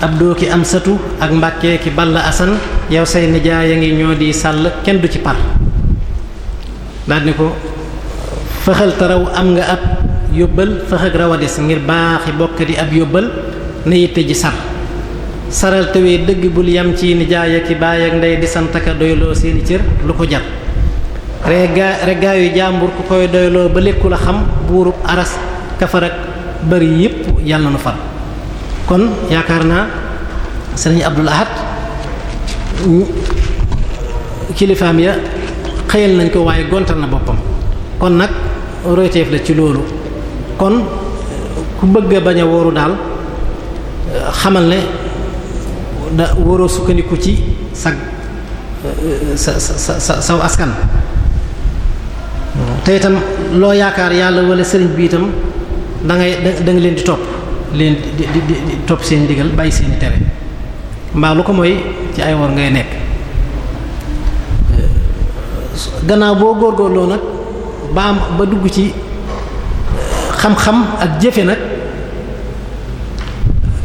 abdoo ki am satu ak mbàkkee ki balla asan yow say nijaay a ngi ñoo di sàll kenn du ci par daal ni ko fëxal taraw am nga ab yóbbal fëx ak rawadis ngir baax bokk di ab yóbbal na yitte ji sar saral tawee dëgg bul yam ci nijaay ak baay ak ndey di santaka doyloo seeni cër lu ko jar reggaa reggaayu jàmbur ku koy doyloo ba lékku la xam buurub aras kafar ak bëri yépp yàlla nu far kon yaakaar naa sëriñ Abdul Ahad kilifaam ya xëyal nañ ko waaye gontal na boppam kon nag royteef la ci loolu kon ku bëgg bañ a woru daal xamal ne da wóoroo sukkandiku ci sa sa sa sa saw askan te itam loo yaakaar yàlla wala sëriñ bi itam da ngay leen di topp leen di di di topp seen digal bàyyi seen tere mbaa lu ko mooy ci ay wor ngay nekk gannaaw boo góorgóorloo nag ba am ba dugg ci eh, xam-xam ak jëfe nag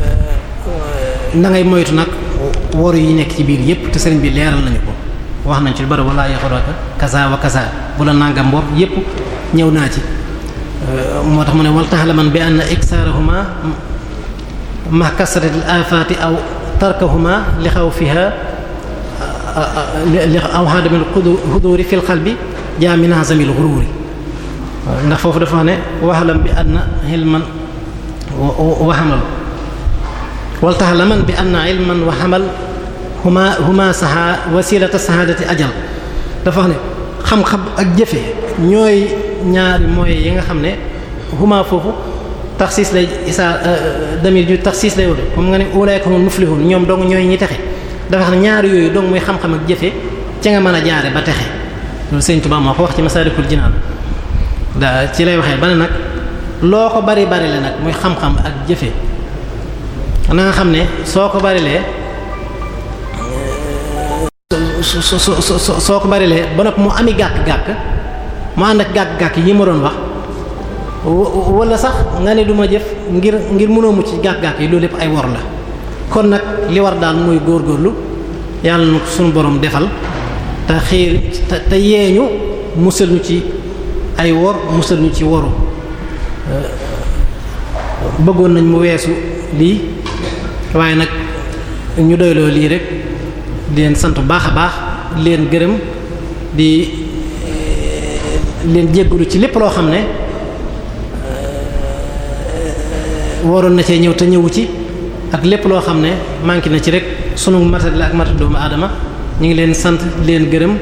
eh, na ngay moytu nag wor yu nekk ci biir yépp te sëriñ bi leeral nañu ko wax nañ ci bari wala yaxuroka kasa wa kasa bu la nangam wor yépp ñëw naa ci eh, moo tax mu ne wal taxalaman bi ann iksaarahuma ma kasratil afati aw tarkahuma li xaw fiha li aw xaadamil xuduuri fil qalbi jaa min azamil xuruuri ndax foofu dafa wax ne waxalam bi anna ilman wa xamal wal taxlaman bi anna ilman wa xamal huma huma saha wasilata sahaadati ajal dafa wax ne xam-xam ak jëfe ñooy ñaari mooy yi nga xam ne huma foofu taxsiis lay isa euh, euh, damir ju taxsiis lay wut comme nga ne ulaayka humul muflihun ñoom dong ñooy ñi texe dafa xam ne ñaar yooyu dong muy xam-xam ak jëfe ca nga mën a jaare ba texe loolu Sëriñ Tuubaa moo ko wax ci Masaalikul Jinaan da ci lay waxee ba ne nag loo ko bari bari la nag muy xam-xam ak jëfe na xam ne soo ko barilee soo ko barilee ba mu ami gàkk-gàkk mu ànd ak gàkk-gàkk yi ma doon wax wala sax nga ne du ma jëf ngir ngir mu mucc gàkk-gàkk yi loolu lépp ay wor la kon nag li war daal muy góorgóorlu yàlla na ko suñu borom defal te xiir te yeeñu musal ñu ci ay wor musal ñu ci woru bëggoon nañ mu weesu lii waaye nag ñu doyloo lii rek di leen sant baax a baax leen gërëm di leen jéggalu ci lépp loo xam ne waroon na cee ñëw te ñëwu ci ak lépp loo xam ne manqué na ci rek sunu matat la ak matat doomu aadama ñu ngi leen sant leen gërëm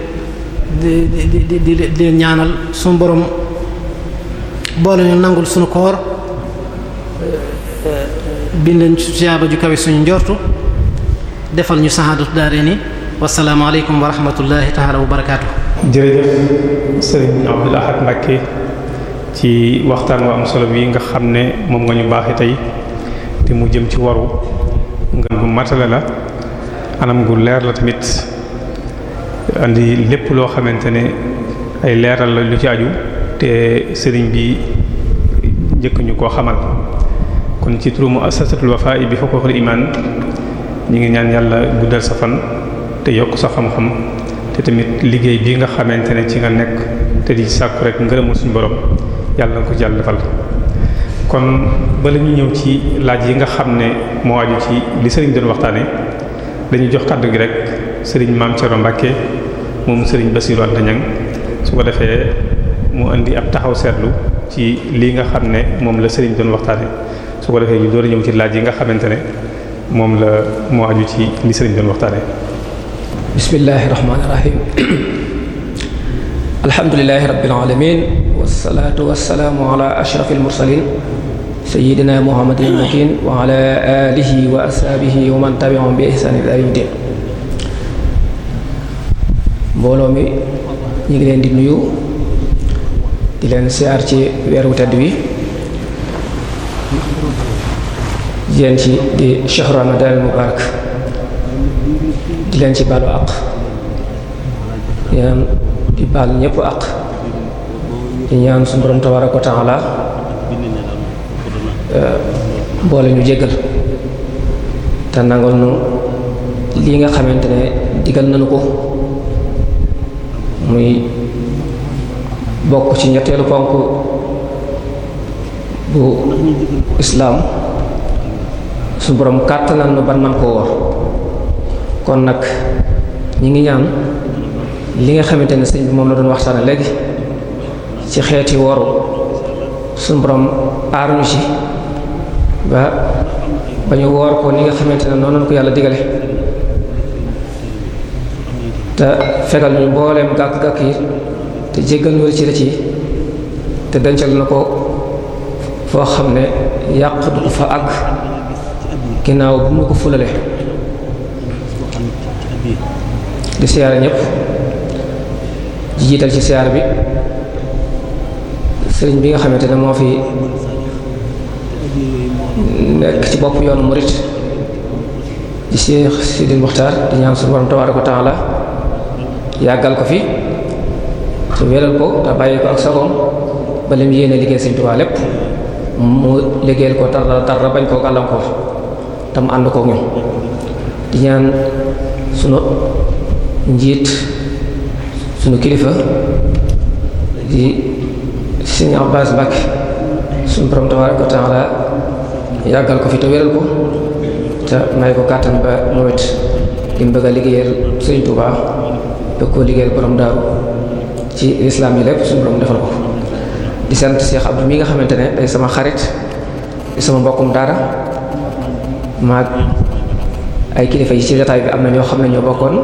di di di leen ñaanal sunu borom boole ñu nangul sunu koor euh, bind nañ siyaaba ju kawe suñu njortu defal ñu saxaadatu daare ni wasalaamaaleykum wa rahmatullahi taala wa barakaatu. jërëjëf sëriñ Abdul Ahad Mbacké ci waxtaan wa am solo bi nga xam ne moom nga ñu baaxee tey te mu jëm ci waru nga bu matale la anam gu leer la tamit andi lépp loo xamante ne ay leeral la lu ci aju te sëriñ bi njëkk ñu koo xamal kon ci turu muassasatul Wafa'i bi huquqil iman ñu ngi ñaan yàlla guddal sa fan te yokk sa xam-xam te tamit liggéey bi nga xamante ne ci nga nekk te di sàkku rek ngërëmul suñu borom yàlla na ko ci yàlla defal kon bala ñu ñëw ci laaj yi nga xam ne moo aju ci li sëriñ doon waxtaane dañuy jox kàddu gi rek sëriñ maam Thierno Mbacke moom sëriñ Bassirou Anta su ko defee mu indi ab taxaw seetlu ci lii nga xam ne moom la sëriñ doon waxtaane su ko defee ñu door a ñëw ci laaj yi nga xamante ne moom la moo aju ci li sëriñ doon waxtaane bismillahir [COUGHS] alhamdulillahi rabbil alamin wasalaatu wasalaamu ala ashraf almursalin sayidina muhammadin makin wa ala wa ashaabihi wa man tabi'ahum bi ihsan ila mbooloo mi ñu ngi leen di nuyu di leen siyaar ci weeru tedd bi di leen ci di shahru ramadan mubarak di leen ci baalu àq di baal ñépp àq di ñaan suñu borom tabaaraka wa la euh, boole ñu jéggal te nangal nu lii nga xamante ne digal nañu ko muy bokk ci ñetteelu ponk bu islaam su boroom kàttanal nu ban man koo war kon nag ñi ngi ñaan li nga xamante ne sëñ bi moom la doon waxtaane léegi ci xeeti woru suñu borom aar ñu ci ba ba ñu woor ko ni nga xamante ne noonu ko yàlla digale te fegal ñu mbooleem gàkk-gàkk yi te jéggal ñu ci rëcc yi te dencal na ko foo xam ne yàq du ko fa àgg ginnaaw bu mu ko fulale di siyaare ñëpp jiital ci siyaar bi sëriñ bi nga xamante ne moo fi nekk ci bopp yoonu murit di Cheikh Sidil Muxtaar di ñaan suñu borom tabaaraka wa taala yàggal ko fi te wéral ko te bàyyi ko ak sagoom ba lim yéene liggéey Sëriñ Tuubaa lépp mu liggéeyal ko tar tar bañ koo gàllankoor te mu ànd kook ñun di ñaan sunu njiit sunu kilifa di Sëriñ Abbaas Mbàkke suñu borom tabaaraka wa taala yàggal ko fi te wéral ko te may ko kàttan ba mu wet li mu bëgg a liggéeyal Sëriñ Tuubaa bëgg koo liggéeyal borom daaru ci lislaam yi lépp suñu borom defal ko di sant Cheikh Abdou mi nga xamante ne day sama xarit di sama mbokkum daara maag ay kilifa yi ci jotaay bi am na ñoo xam ne ñoo bokkoon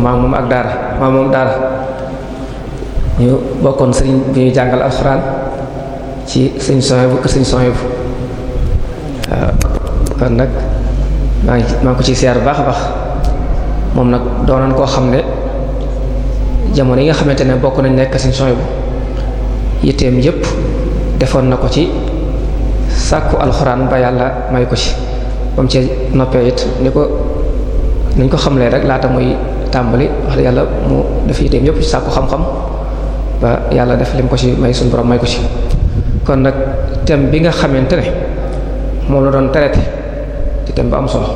maa moom ak daara maa moom daara ñu bokkoon sëriñ bi ñuy jàngal alxuraan ci sëñ soxee bu kër sëñ soxee bu waaw kon nag maa ngi maa ngi ko ci siyaar baax a baax moom nag doonoon koo xam ne jamono yi nga xamante ne bokk nañ nekk sëñ soxee bu yitteem yépp defoon na ko ci sàkku alxuraan ba yàlla may ko ci ba mu ci noppee it ni ko niñ ko xamlee rek laata muy tàmbali wax yàlla mu def yitteem yépp ci sàkku xam-xam yàlla def lim ko ci may suñu borom may ko ci kon nag thème bi nga xamante ne moom la doon traité di thème bu am solo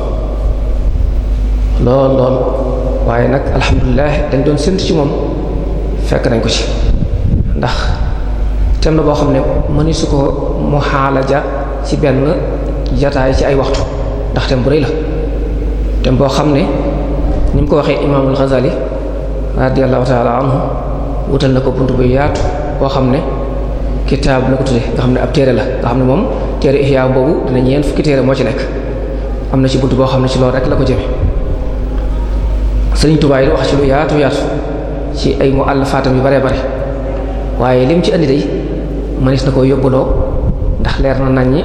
lool lool waaye nag alhamdulilah dañ doon sént ci moom fekk nañ ko ci ndax tem la boo xam ne mëni su ko mu xaala ja ci benn jataay ci ay waxtu ndax tem bu rëy la thème boo xam ne ñu mu ko waxee imaamul Ghazali radiyallahu ta'ala anhu wutal na ko bunt bu yaatu boo xam ne kitaab la ko tudde nga xam ne ab téere la nga xam ne moom téere ihya boobu dina ñeen fukki téere moo ci nekk am na ci bunt boo xam ne ci loolu rek la ko jëme Sëriñ ci ay mu àll faatam yu bare bare waaye lim ci andi day mënees yóbbuloo ndax leer nañ ñi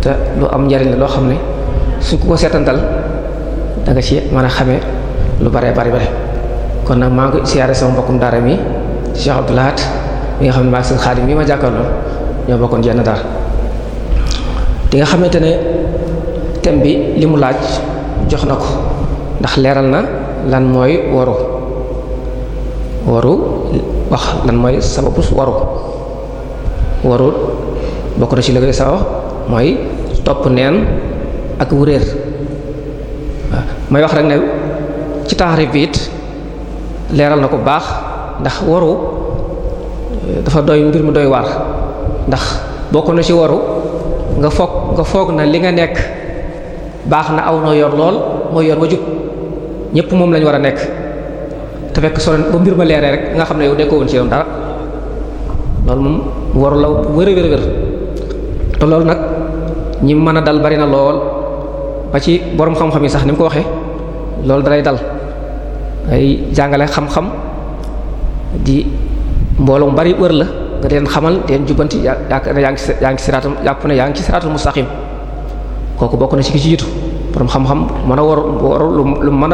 te lu am njariñ la loo xam ne suñ ko ko seetantal danga nga ci mën a xame lu bare bare bare kon nag maa ngi ko siyaare sama mbokkum daara mi Cheikh Abdou Lahad mi nga xam ne maa ngi seen xaadim yi ma jàkkaarloo ñoo bokkoon jenn dara di nga xamante ne thème bi li mu laaj jox na ko ndax leeral na lan mooy waru waru wax lan mooy sababu waru waru bokk na ci la koy sabab mooy topp neen ak wuréer waaw wax rek ne ci taarif bi leeral na ko baax ndax waru euh, dafa doy mbir mu doy waar ndax bokk na ci waru nga foog nga foog na li nga nekk baax na aw noo yoon lool mooy yoon wa ñépp moom lañu war a nekk te fekk solo ba mbir ma leeree rek nga xam ne yow nekkoo woon ci yoon dara loolu moom waru la wér wér wér te loolu nag ñi mën a dal bari na lool ba ci borom xam-xam yi sax ni mu ko waxee loolu dalay dal ay jàngale xam-xam di mbooloo mu bari wër la nga deen xamal deen jubbanti yaa yaa ngi ci yàpp na yaa ngi ci siraatul mustaqim kooku bokk na ci ki ci jiitu borom xam-xam mën a war war lu lu mën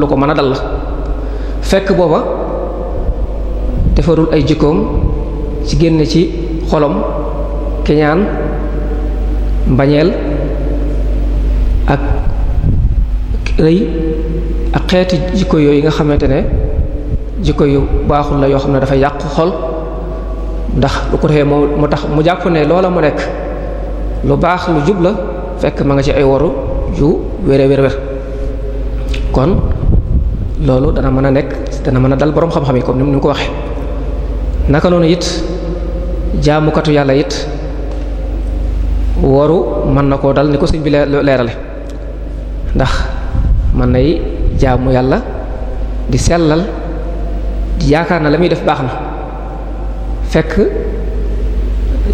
lu ko mën a dal la fekk booba defarul ay jikkoom ci génn ci xolom kiñaan mbañeel ak rëy ak xeeti jikko yooyu nga xamante ne jikko yu baaxul la yoo xam ne dafa yàq xol ndax lu ko defee moo mu tax mu jàpp ne loola mu nekk lu baax lu jub la fekk ma nga ci ay waru ju wére wér kon loolu dana mën a nekk dana mën a dal boroom xam-xam yi comme ni mu ko waxee naka noonu it jaamukatu yàlla yit waru mën na koo dal ni ko sëñ bi leerale ndax mën nay jaamu yàlla di sellal yaakaar na la muy def baax na fekk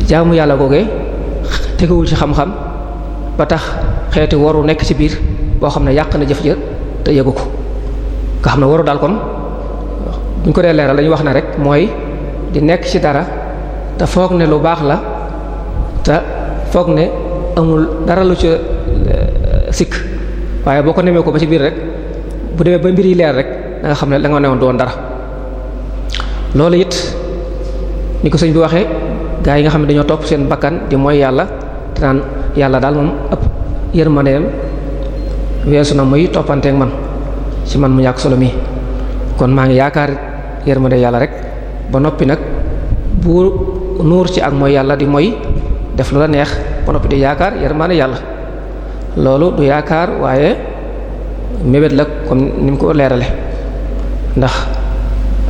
jaamu yàlla googee tegewul ci xam-xam ba tax xeeti waru nekk ci biir boo xam ne yàq na jëf jër te yëgu ko nga xam ne waru daal kon buñ ko dee leeral lañuy wax na rek mooy di nekk ci dara te foog ne lu baax la te foog ne amul dara lu ci euh, sikk waaye boo ko nemee ko ba ci biir rek bu demee ba mbir yi leer rek da xam ne da nga doon dara loolu it ni ko sëñ bi waxee gaa yi nga xam ne dañoo topp seen bakkan di mooy yàlla te naan yàlla daal moom ëpp yërmandeem weesu na muy toppanteeg man ci man mu ñàkk solo mi kon maa ngi yaakaar yërmande yàlla rek ba noppi nag bu nuur ci ak mooy yàlla di mooy def lu la neex ba noppi di yaakaar yërmande yàlla loolu du yaakaar waaye mébét la comme ni mu ko leerale ndax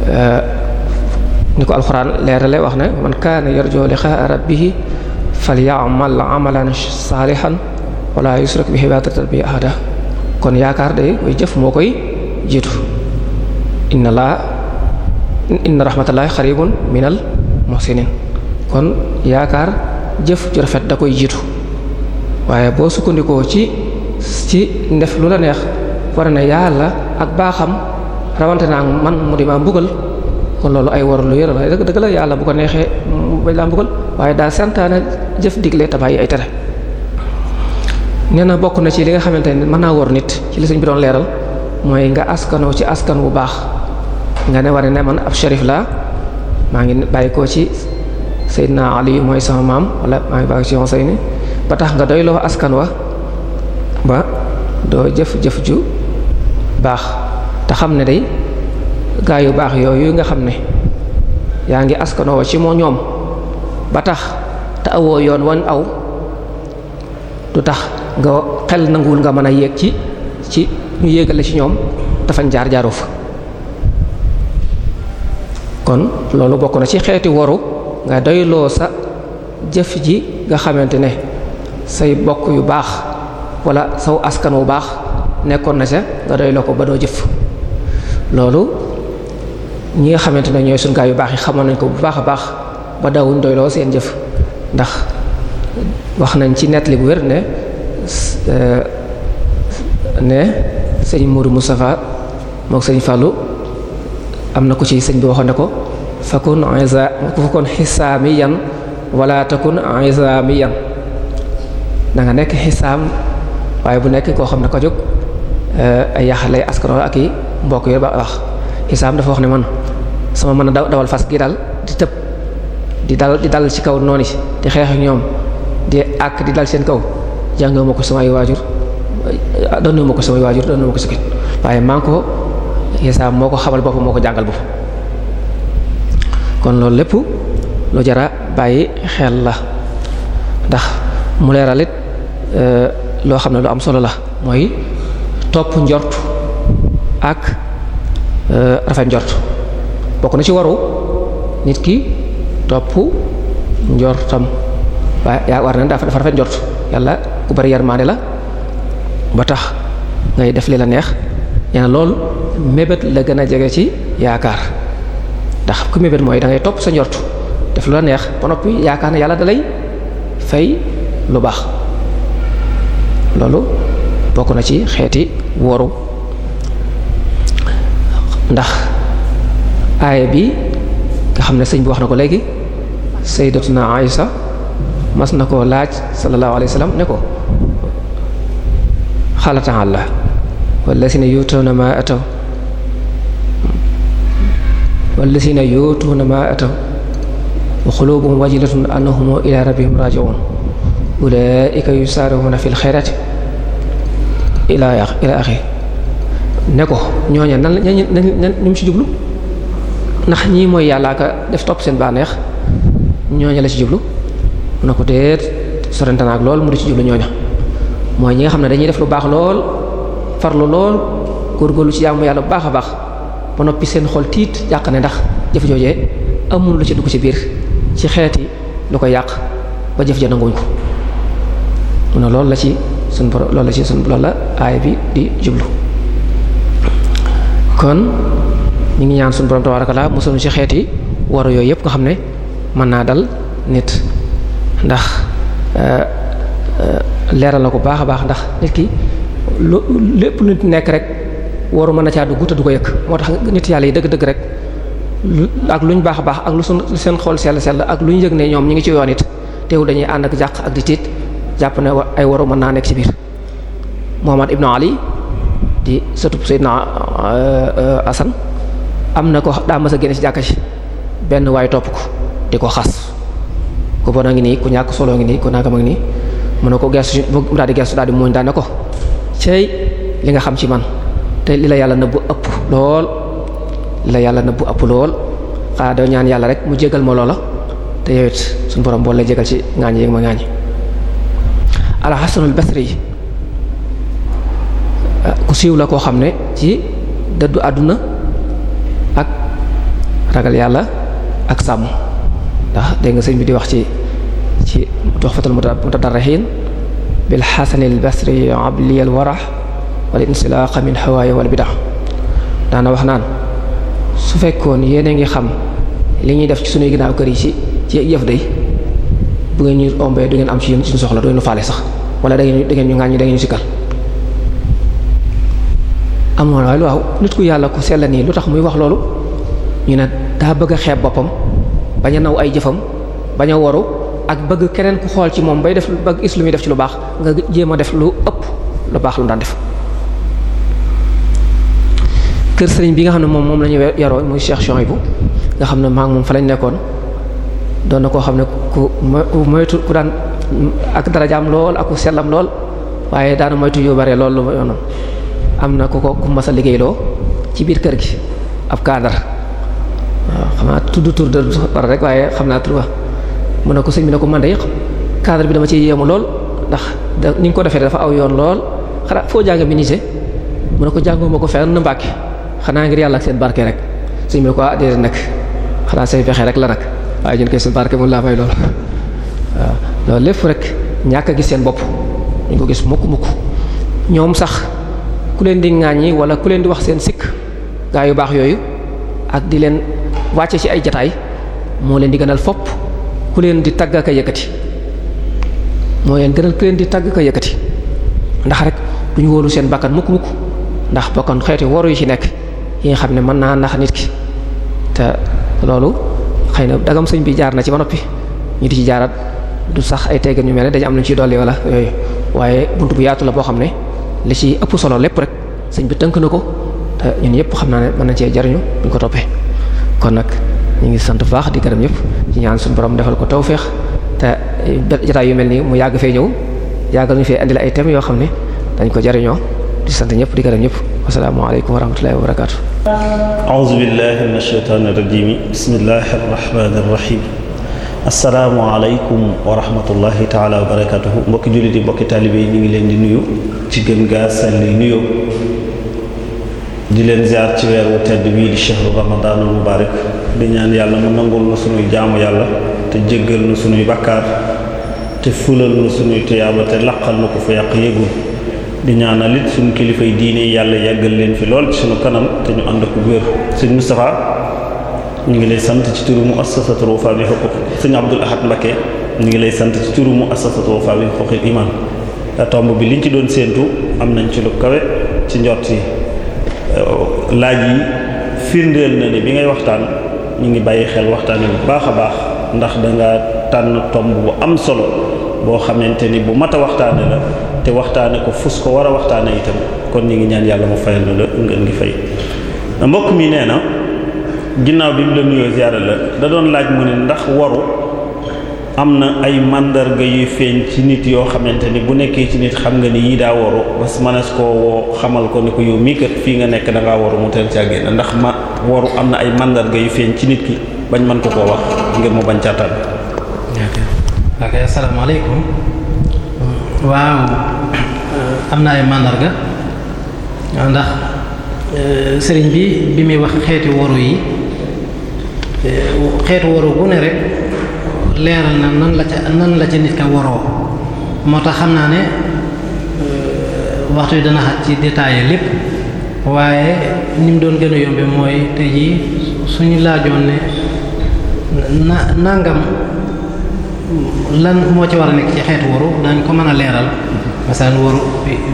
euh, ni ko alxuraan leerale wax ne man kaana yarju liqaa rabbihi falya'mal 'amalan saalihan wala yusrik bi ibadati rabbihi kon yaakaar day way jëf moo koy jiitu inna laa inna rahmatallahi xaribun minal muhsinin kon yaakaar jëf ju rafet da koy jiitu waaye boo sukkandikoo ci ci ndef lu la neex war yàlla ak baaxam rawante naa man mu di ma mbugal kon loolu ay war lu yëre la dëgg la yàlla bu ko neexee bañ laa mbugal waaye daa santaane jëf digle te bàyyi ay tere nee na bokk na ci li nga xamante ne mën naa war nit ci li sëñ bi doon leeral mooy nga askanoo ci askan wu baax nga ne war ne man ab shérif la maa ngi bàyyi koo ci Seydina Ali mooy sama maam wala maa ngi bàyyi ci yoon ba tax nga doyloo askan wa ba doo jëf jëf ju baax te xam ne day gaa yu baax yooyu nga xam ne yaa ngi askanoo ci moo ñoom ba tax te awoo yoon wan aw du tax nga xel nanguwul nga mën a yéeg ci ci ñu yéegale ci ñoom dafañ jaar jaaroo fa kon loolu bokk na ci xeeti waru nga doyloo sa jëf ji nga xamante ne say bokk yu baax wala saw askan wu baax nekkoon na ca nga doyloo ko ba doo jëf loolu ñi nga xamante ne ñooy sunu gaa baax yi xamoon nañ ko bu baax a baax ba daawuñ doyloo seen jëf ndax wax nañ ci nettali bu wér ne euh, ne sëñ Mourou Moustapha moo sëñ Fallou am na ko ci sëñ bi waxoon ne ko fakun isa fakun xisaamiyan wala takun isaamiyan da nga nekk xisaam waaye bu nekk koo xam ne ko jóg euh, ay yàq lay askan ak i mbokk yooyu ba wax xisaam dafa wax ne man sama mën a dawal fas gi daal di tëb di dal di dal ci kaw noonu si di xeex ak ñoom di àkk di dal seen kaw jàngoo ko samay waajur doonoo ma ko samay waajur doonoo ma ko sukkin waaye maa ngi ko yeesa moo ko xamal boppam moo ko jàngal boppam kon loolu lépp lu jara bàyyi xel la ndax mu leeralit e, loo xam ne lu am solo la mooy topp njort ak e, rafet njort bokk na ci waru nit ki topp njortam waaye yaa war na dafa dafa rafet njort yàlla ku bari yarmaande la ba tax ngay def li la neex nee na loolu mébét la gën a jege ci yaakaar ndax ku mébét mooy dangay topp sa njort def lu la neex ba noppi yaakaar ne yàlla dalay fay lu baax loolu bokk na ci xeeti waru ndax aaya bi nga xam ne sëñ bi wax na ko léegi sayyidatuna Aïsa mas na koo laaj sallallahu alayhi wasallam ne ko xalatan àllah wallasina yuutuna ma ataw wallasina yuutuna ma ataw wa qulubuhum wajilatun annahum ila rabbihim raji'un ulaika yusari'una fil khayrati ila ila axi ne ko ñooña nan la ñu ci jublu ndax ñii mooy yàllaa ka def topp seen bànneex ñooña la ci jublu mu ne ko déet sorante naag lool mu di ci jublu ñooña mooy ñi nga xam ne dañuy def lu baax lool farlu lool góorgóorlu ci yàmmu yàlla bu baax a baax ba noppi seen xol tiit yàq ne ndax jëf joojee amul lu ci dugg ci biir ci xeeti lu koy yàq ba jëf ja nanguñ ko mu ne loolu la ci sun boro loolu la ci sun la aay bi di jublu kon ñu ngi ñaan suñu borom tabaaraka la mosul ci xeeti waru yooyu yëpp nga xam ne mën naa dal nit ndax euh, euh, leeral na ko baax a baax ndax nit ki lu lépp nit nekk rek waru mën na caa dugg te du ko yëg moo tax nit yàlla yi dëgg-dëgg rek ak luñ baax a baax ak lu seen xool sell sell ak luñ yëg ne ñoom ñu ngi ci yoon it teewul dañuy ànd ak jàq ak di tiit jàpp ne ay waru mën naa nekk ci biir Muhammad ibnu Ali di sëtub Seydina euh, Asan am na ko daa mas a génne ci jàkka ci benn waay topp ko di ko xas ku bon a ngi nii ku ñàkk solo ngi nii ku nangam ngi nii mun na ko gestu mu daal di gestu daal di muuñ daan ko cey li nga xam ci man te li la yàlla na bu ëpp lool li la yàlla na bu ëpp lool xanaa doo ñaan yàlla rek mu jégal ma loola te yow it suñu borom bool lay jégal ci ngaañ yi ma ngaañi alxasanul basri ku siiw la koo xam ne ci dëddu àdduna ak ragal yàlla ak sàmm ndax dégg nga sëñ bi di wax ci ci tuhfatul mutadarrihin bil hasanil basri abliyal wara wal insilaqa min hawaaya wal bida daana wax naan su fekkoon yéena ngi xam li ñuy def ci suñuy ginnaaw kër yi ci ci yëf day bu ngeen ñu ombee du ngeen am ci yéen suñu soxla du ngeen faale sax wala da ngeen ñu ngaañ da ngeen ñu sikkal amoon waaye waaw nit ku yàlla ku sell nii lu tax muy wax loolu ñu ne daa bëgg a xeeb boppam bañ a naw ay jëfam bañ a waru ak bëgg keneen ku xool ci moom bay def bëgg gis lu muy def ci lu baax nga jéem a def lu ëpp lu baax lu mu daan def. kër sëriñ bi nga xam ne moom moom la ñu yaroo muy Cheikh Chouaïbou nga xam ne maa moom fa lañ nekkoon doon na koo xam ne ku moytu ku daan ak darajaam lool ak ku sellam lool waaye daana moytu yu bare lool lu ma yoonoon am na ko ko ku mas liggéeyloo ci biir kër gi ab kaadar waaw xam naa tudd tur de rek waaye xam naa tur ba mu ne ko sëñ bi ne ko man de cadre bi dama ci yéemu lool ndax da ni nga ko defee dafa aw yoon lool xanaa foo jàng menuisier mu ne ko jàngoo ma ko fenn Mbàkke xanaa ngir yàlla ak seen barke rek sëñ bi ne ko ah déedéet nag xanaa say fexe rek la nag waaye ñun koy seen barke mun laa may lool waaw loolu lépp rek ñàkk a gis seen bopp ñu ko gis mukk mukk ñoom sax. ku leen di ŋàññi wala ku leen di wax seen sikk gaa yu baax yooyu ak di leen wàcce ci ay jataay moo leen di gënal fopp ku leen di tagg ak a yëkkati moo leen gënal ku leen di tagg ak a yëkkati ndax rek duñu wóolu seen bakkan mukk mukk ndax bakkan xeeti woru yi ci nekk yi nga xam ne mën naa nax nit ki te loolu xëy na dagam sëñ bi jaar na ci ba noppi ñu di ci jaarat du sax ay teggin ñu mel ne dañu am lu ñu ciy dolli wala yooyu waaye buntu bu yaatu la boo xam ne li ci ëpp solo lépp rek sëñ bi tënk na ko te ñun yëpp xam naa ne mën nañ cee jariñu buñ ko toppee kon nag ñu ngi sant baax di gërëm ñëpp ci ñaan suñu borom defal ko feex te jotaay yu mel nii mu yàgg fee ñëw yàggal ñu fee indi la ay thèmes yoo xam ne dañ ko jariñoo di sant ñëpp di gërëm ñëpp assalaamu aleykum wa rahmatullahi wa barakaatu a'uuzu billahi minash shaytaanir rajiim bismillahir rahmaanir rahiim asalaamaaleykum wa rahmatullahi taala wa barakatuhu mbokki jullit yi mbokki taalibe yi ñu ngi leen di nuyu ci gën gaa sàlli nuyoo di leen ziar ci weer wu tedd bii di shahru ramadanul mubarak di ñaan yàlla mu nangul na sunuy jaamu yàlla te jëggal na sunuy bakkaar te fulal na sunuy tuyaaba te laqal na ko fa yàq yégul di ñaanal it sunu kilifay diine yàlla yàggal leen fi lool ci sunu kanam te ñu ànd ak wér sëñ Moustapha ñu ngi lay sant ci turu mu assasatu Wafa bi xuquq sëñ Abdul Ahad Mbacké ñu ngi lay sant ci turu mu assasatu Wafa bi xuquq iman euh, tomb bi liñ ci doon séentu am nañ ci lu kawe ci njort yi euh, laaj yi firndeel na ni bi ngay waxtaan ñu ngi bàyyi xel waxtaan bu baax a baax ndax danga tànn tomb bu am solo boo xamante ni bu mat a waxtaane la te waxtaane ko fus ko war a waxtaane itam kon ñu ngi ñaan yàlla mu fayal la nga ngi fay mbokk mi nee na ginnaaw bi mu la nuyoo ziyaara la da doon laaj mu ne ndax waru am na ay màndarga yuy feeñ ci nit yoo xamante ni bu nekkee ci nit xam nga ni yii daa waru bas manees koo woo xamal ko ne ko yow mii kat fii nga nekk da waru mu teel caa génn ndax ma waru am na ay màndarga yu feeñ ci nit ki bañ mën koo wax ngir mu bañ caataan. ok asalaamaaleykum waaw euh, am na ndax euh, sëriñ bi bi muy wax xeeti waru yi. xeetu waru gu ne rek leeral na nan la ca nan la ca nit ka waroo moo tax xam naa ne euh, waxtu yi dana xat ci détaillé lépp waaye ni doon gën a yombe mooy te jii suñu laajoon ne na nangam lan moo ci war a nekk ci xeetu waru dañ ko mën a leeral masalan waru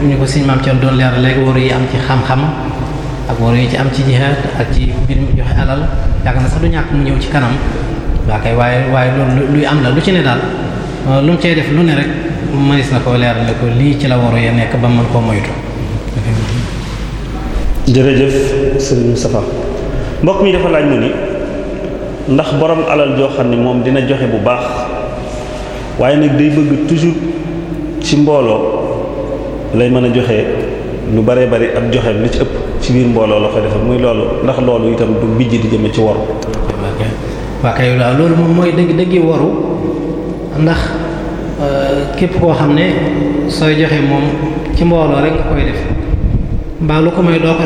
ñu ko siñ maam ci doon leeral léegi waru yi am ci xam-xam ak war yi ci am ci jihaad ak ci mbir mi joxe alal yàgg na sax du ñàkk mu ñëw ci kanam waa kay waaye waaye luy am la lu ci ne daal euh, lu mu cay def lu ne rek mënees na koo leeral ko lii ci la waru ya nekk ba mën koo moytu jërëjëf sëriñ Moustapha mbokk mi dafa laaj mu alal joo xam ne moom dina joxe bu baax waaye nag day bëgg toujours ci mbooloo lay mën a joxe lu bare bari ab joxe lu ci ëpp ci biir mbooloo la ko defee muy loolu ndax loolu itam du bijj di jëme ci waru waa kay loolu moom mooy dëgg dëggi waru ndax euh, képp koo xam ne sooy joxee moom ci mbooloo rek nga ko may doo ko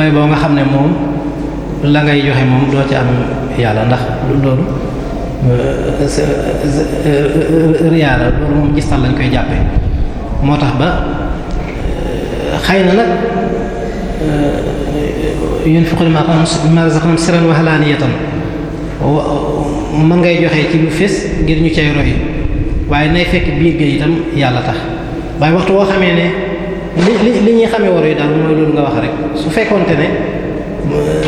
euh, nga xam ne moom la ngay joxe moom doo ci am yàlla ndax loolu euh, riyaala loolu moom gis gistal lañ koy jàppe moo tax ba xëy na nag euh, yunfiqu mimma razaqnahum sirran wa alaniyatan mën ngay joxe ci lu fés ngir ñu cay roy waaye nay fekk biir ga itam yàlla tax waaye waxtu woo xamee ne li li li ñuy xamee waro yi daal mooy loolu nga wax rek su fekkonte ne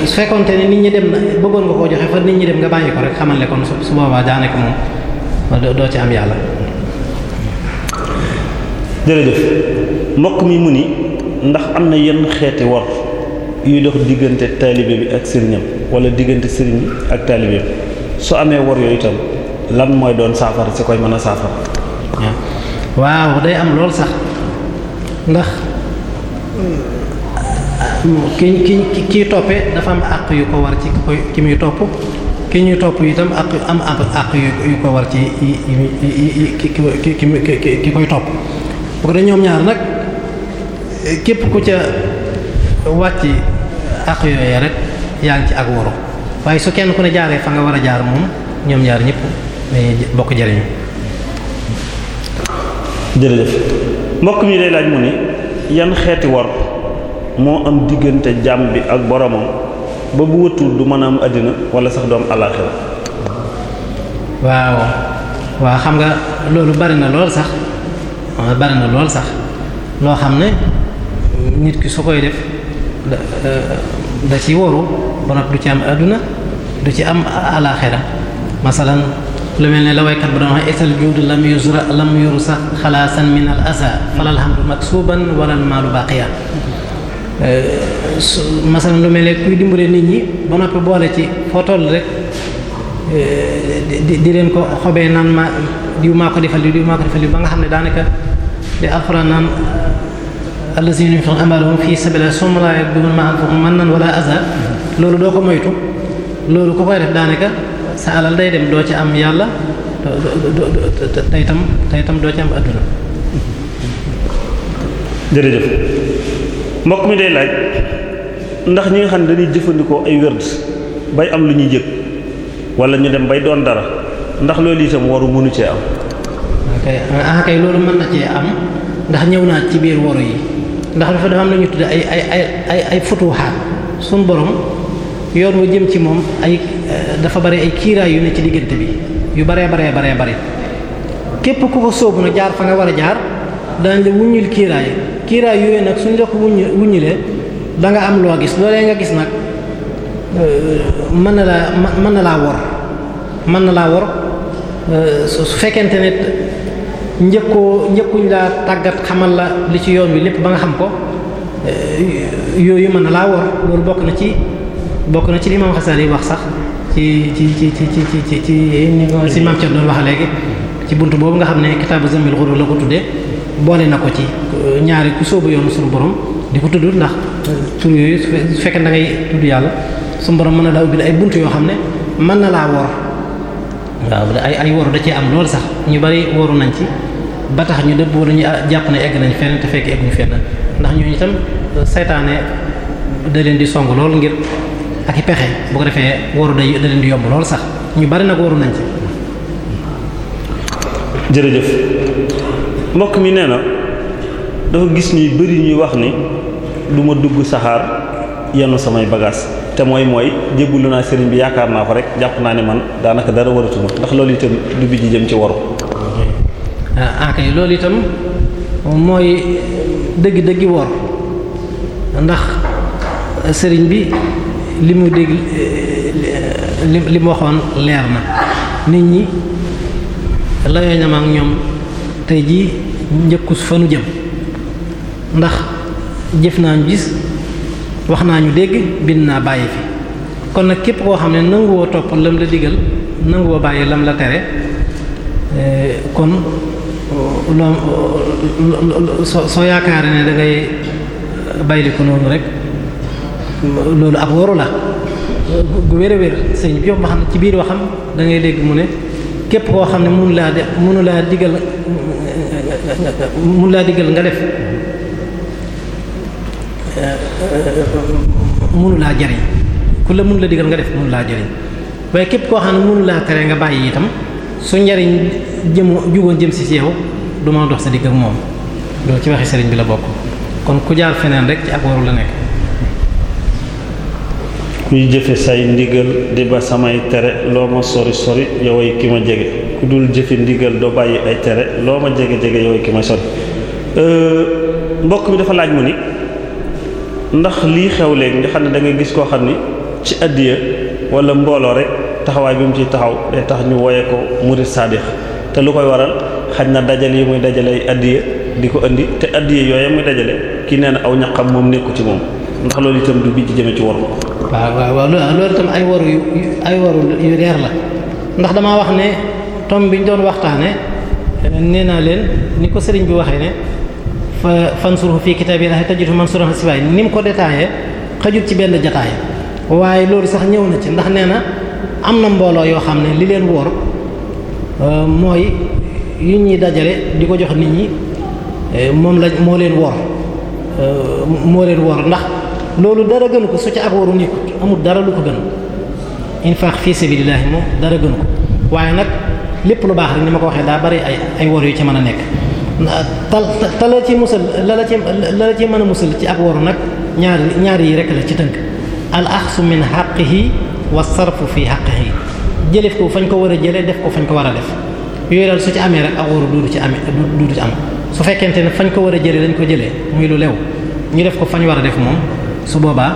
su fekkonte ne nit ñi dem na bëggoon nga koo joxe fa nit ñi dem nga bàyyi ko rek xamal ne kon su boobaa daanaka moom doo ci am yàlla jërëjëf mbokk mi mu ni ndax am na yenn xeeti war yuy dox diggante taalibe bi ak sëriñam wala diggante sëriñ bi ak taalibe bi su amee wor yooyu itam lan mooy doon saafara si koy mën a saafara. waaw day am lool sax ndax ki ki kii toppee dafa am àq ki topp ki ñuy topp itam àq am àq yu ko war ki ki koy topp bu ko ñoom ñaar nag. képp ku ca wàcc ak yooyu rek yaa ngi ci ak woro waaye su kenn ku ne jaaree fa nga war a jaar moom ñoom ñaar ñëpp dañuy bokk jariñu mbokk mi day laaj mu ne yan xeeti war moo am diggante jàmm bi ak boromam ba bu wëttul du mën a am àddina wala sax du am waaw waaw xam nga loolu bari na lool sax ah, bari na lool sax loo xam ne nit ki su koy def da da ci wóoru ba du ci am adduna du ci am alaxira masalan lu mel ne la waykat bu doon wax etal juudu lam yuzra lam yursa xalaasan min al asa falal hamdu maksuban walal maalu baqiya masalan lu mel ne kuy dimbale nit ñi ba boole ci foo rek di leen ko xobee naan ma diw maa ko defal diw maa ko defal diw ba nga xam ne daanaka di afra allazina yunfiquna amwalahum fii sabilillah summa laa yatba'una maa anfaqu mannan wala azaa loolu doo ko moytu loolu ko koy def daanaka sa alal day dem doo ci am yàlla tey tam doo ci am adduna. jërëjëf mbokk mi laaj ndax ñi xam ne dañuy jëfandikoo ay werd bay am lu ñuy yëg wala ñu dem bay doon dara ndax loolu itam waru mënu cee am. ok ah, loolu mën na cee am ndax ñëw naa ci biir woro yi. ndax dafa dafa am na ñu tudd ay ay ay ay ay futuhaat suñ borom yoon wa jëm ci moom ay eh, dafa bare ay kiiraay yu ne ci diggante bi yu baree baree baree bare képp ku ko sóobu na jaar fa nga war a jaar daañ la wuññil kiiraay kiiraay yooyu nag su la ko wuññi wuññilee da nga am loo gis loolee nga gis nag eh, mën na laa mën na laa wor mën na laa wor eh, su fekkente ne njëkkoo njëkkuñ laa tàggat xamal la li ci yoon wi lépp ba nga xam ko eh, yooyu mën na laa war loolu bokk na ci bokk na ci li Maam Xasaali wax sax ci ci ci ci ci ci ci ci si maam Thierno doon wax léegi ci bunt boobu nga xam ne kitaabu Zammil Ghurur la ko tuddee boole na ko ci eh, ñaari ku sóobu yoonu suñu borom di ko tudd ndax eh, tur yooyu su fekkee da ngay yàlla suñu mën na laa ubbil ay bunt yoo xam ne mën na laa wor waaw ay ay woru da cee am loolu sax ñu bari woru nañ ci ba tax ñu dëpp wala ñu ah, jàpp ne egg nañ fenn te fekk egguñu fenn ndax ñu itam euh, saytaane da leen di song lool ngir ak i pexe bu ko defee waru da leen di yomb lool sax ñu bari nag waru nañ ci. jërëjëf mbokk mi nee na dafa gis ñuy bari ñuy wax ni du ma dugg saxaar yenn samay bagage te mooy mooy jébbalu naa sëriñ bi yaakaar naa ko rek jàpp naa ne man daanaka dara waratuma ndax loolu itam du bi ji ci waru. Ah, ah kay loolu itam mooy dëgg-dëggi wor ndax sëriñ bi li mu dégg eh, li mu waxoon leer na nit ñi layoo ñam ñoom tey jii njëkkus fa nu jëm ndax jëf naa ñu gis wax naa ñu dégg bind naa bàyyi fi kon nag képp koo xam ne nanguwoo topp lam la digal nanguwoo bàyyi lam la tere eh, kon loo soo yaakaaree ne da ngay bayli ko noonu rek loolu ab waru la gu wér a wér sëñ bi yow ma xam ne ci biir waxam da ngay dégg mu ne képp koo xam ne mënu laa de mënu laa digal mënu laa digal nga def mënu laa la mënu la nga def mënu laa jariñ waaye képp koo xam ne mënu laa tere nga bàyyi itam su njariñ jëmoo juboon jëm si si yow du mën a dox sa digg ak moom loolu ci waxi sëriñ bi la bokk kon ku jaar feneen rek ci ak warul la nekk kuy jëfe say ndigal di ba samay tere loo ma sori sori yoway ki ma jege ku dul jëfe ndigal doo bàyyi ay tere loo ma jege jege yoway ki ma sori mbokk bi dafa laaj mu ni ndax lii xew léegi nga xam ne dangay gis koo xam ni ci addiya wala mbooloo rek taxawaay bi mu ciy taxaw day tax ñu woye ko murid saadix te lu koy waral xaj na dajale yi muy dajale addiye di ko indi te addiye yooya muy dajale kii nee na aw ñaqam moom nekku ci moom ndax loolu itam du bijj jëme ci wor waaw waaw waaw loolu itam ay waru yu ay waru yu leer la ndax damaa wax ne tom bi ñu doon waxtaane nee naa leen ni ko sëriñ bi waxee ne fa fansuruhu fii kitaabillahi tajidu mansuran sibaay ni mu ko détaillé xajut ci benn jataay waaye loolu sax ñëw na ci ndax nee na am na mbooloo yoo xam ne li leen wor euh, mooy yu ñuy dajale di ko jox nit ñi eh, moom lañ moo leen wor eh, moo leen wor ndax loolu dara gënu ko su ci ak waru nekkut amul dara lu ko gën infaq fii sabilillahi moom dara gënu ko waaye nag lépp lu baax rek ni ma ko waxee daa bari ay ay wor yu ci mën a nekk tal tala ci musal lala ci lala ci mën a musal ci ak waru nag ñaar ñaar yi rek la ci tënk al axsu min xaqihi wa sarfu fi xaqihi jëlef ko fañ ko war a jëlee def ko fañ ko war a def yooyu daal su ci amee rek ak wóoru duudu ci amee duudu ci am su fekkente ne fañ ko war a jëlee lañ ko jëlee muy lu lew ñu def ko fa fañ war a def moom su boobaa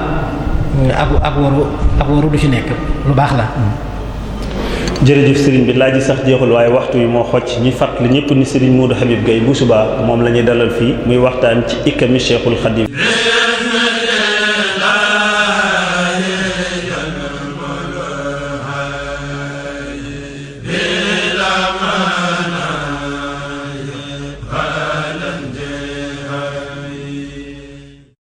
mm, ak ak wóoru ak wóoru du ci nekk lu baax la. jërëjëf sëriñ bi laaj yi sax jeexul waaye waxtu yi moo xocc ñi fàttali ñëpp ni sëriñ Modou Habib Gueye bu subaa moom la ñuy dalal fii muy waxtaan ci ikami Cheikhul Khadim